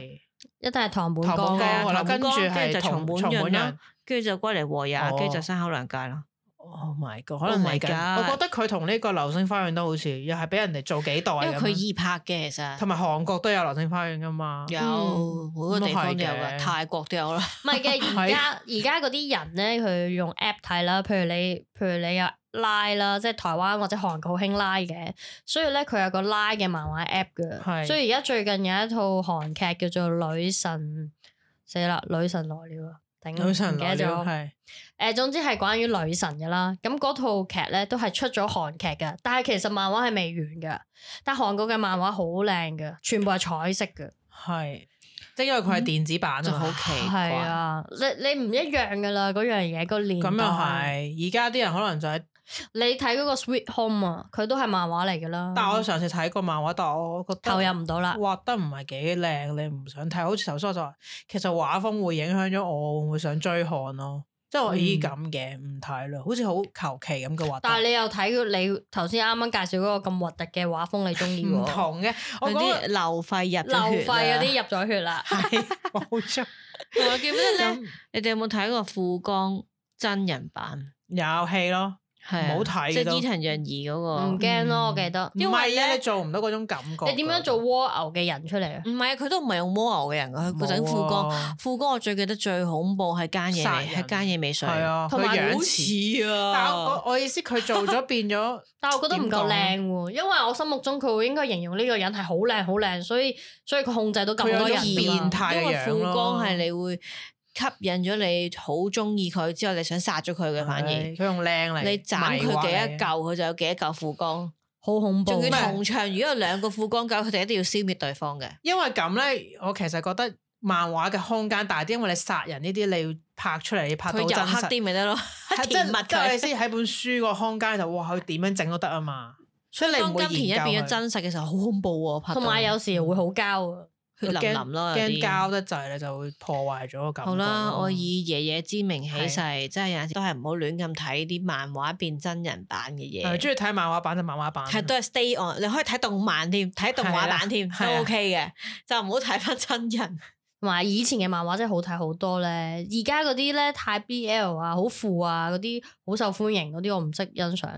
一定係唐本剛。跟住係唐本潤，跟住就龜梨和也，跟住就山口良介啦。o、oh、my god！可能嚟緊，我覺得佢同呢個流星花園都好似，又係俾人哋做幾代。因為佢易拍嘅其實。同埋韓國都有流星花園噶嘛。有好、嗯、多地方都有嘅，泰國都有啦。唔係嘅，而家而家嗰啲人咧，佢用 app 睇啦，譬如你譬如你有 Line 啦，即係台灣或者韓國好興 Line 嘅，所以咧佢有個 Line 嘅漫畫 app 嘅，的所以而家最近有一套韓劇叫做女神，死啦，女神來了啊！可可記女神嘅就係，誒，總之係關於女神嘅啦。咁嗰套劇咧都係出咗韓劇嘅，但係其實漫畫係未完嘅。但係韓國嘅漫畫好靚嘅，全部係彩色嘅。係，即係因為佢係電子版啊，好、嗯、奇怪啊！你你唔一樣噶啦，嗰樣嘢個年代。咁又係，而家啲人可能就係。你睇嗰個 Sweet Home 啊，佢都係漫畫嚟噶啦。但係我上次睇過漫畫，但我覺得投入唔到啦，畫得唔係幾靚，你唔想睇。好似頭先我就話，其實畫風會影響咗我會想追看咯，即係我依咁嘅唔睇啦，好似好求其咁嘅畫。但係你又睇咗你頭先啱啱介紹嗰個咁核突嘅畫風，你中意？唔 同嘅，我啲流肺入咗血啦，流肺嗰啲入咗血啦。係我好中。同埋叫咩咧？你哋有冇睇過富江真人版？有戲咯。係，好睇即係伊藤潤二嗰個，唔驚咯，我記得。因為咧，做唔到嗰種感覺。你點樣做蝸牛嘅人出嚟？唔係啊，佢都唔係用蝸牛嘅人，佢整副光。副光我最記得最恐怖係奸嘢，係奸嘢未上。係啊，同埋好似啊。但我我意思，佢做咗變咗。但我覺得唔夠靚，因為我心目中佢會應該形容呢個人係好靚好靚，所以所以佢控制到咁多人，變態，因為副光係你會。吸引咗你好中意佢，之後你想殺咗佢嘅，的反而佢用靚嚟。你斬佢幾一舊，佢就有幾一舊副光，好恐怖。仲要同場是如果有兩個副光，光，咁，佢哋一定要消滅對方嘅。因為咁咧，我其實覺得漫畫嘅空間大啲，因為你殺人呢啲你要拍出嚟，你拍到真實啲咪得咯。係你即係喺本書個空間就哇，佢點樣整都得啊嘛。所以你唔會研究。當金田一變咗真實嘅時候，好恐怖啊！同埋有，有時會好膠會淋咯，驚膠得滯，你就會破壞咗個感覺。好啦，我以爺爺之名起誓，是真係有陣時都係唔好亂咁睇啲漫畫變真人版嘅嘢。係中意睇漫畫版就漫畫版，其實都係 stay on。你可以睇動漫添，睇動畫版添的都 OK 嘅，的就唔好睇翻真人。同埋以前嘅漫畫真係好睇好多咧，而家嗰啲咧太 BL 啊、好腐啊嗰啲，好受歡迎嗰啲我唔識欣賞。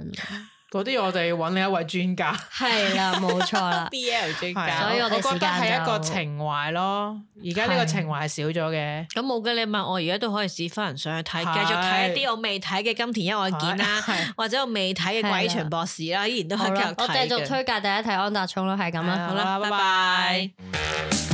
嗰啲我哋揾另一位專家，係啦，冇錯啦。BL 專家，所以我，我覺得係一個情懷咯。而家呢個情懷係少咗嘅。咁冇嘅，你問我而家都可以試翻人上去睇，繼續睇一啲我未睇嘅金田一案件啦，或者我未睇嘅鬼場博士啦，依然都可以繼續睇，我繼續推介大家睇安達充咯，係咁啦，好啦，拜拜。Bye bye bye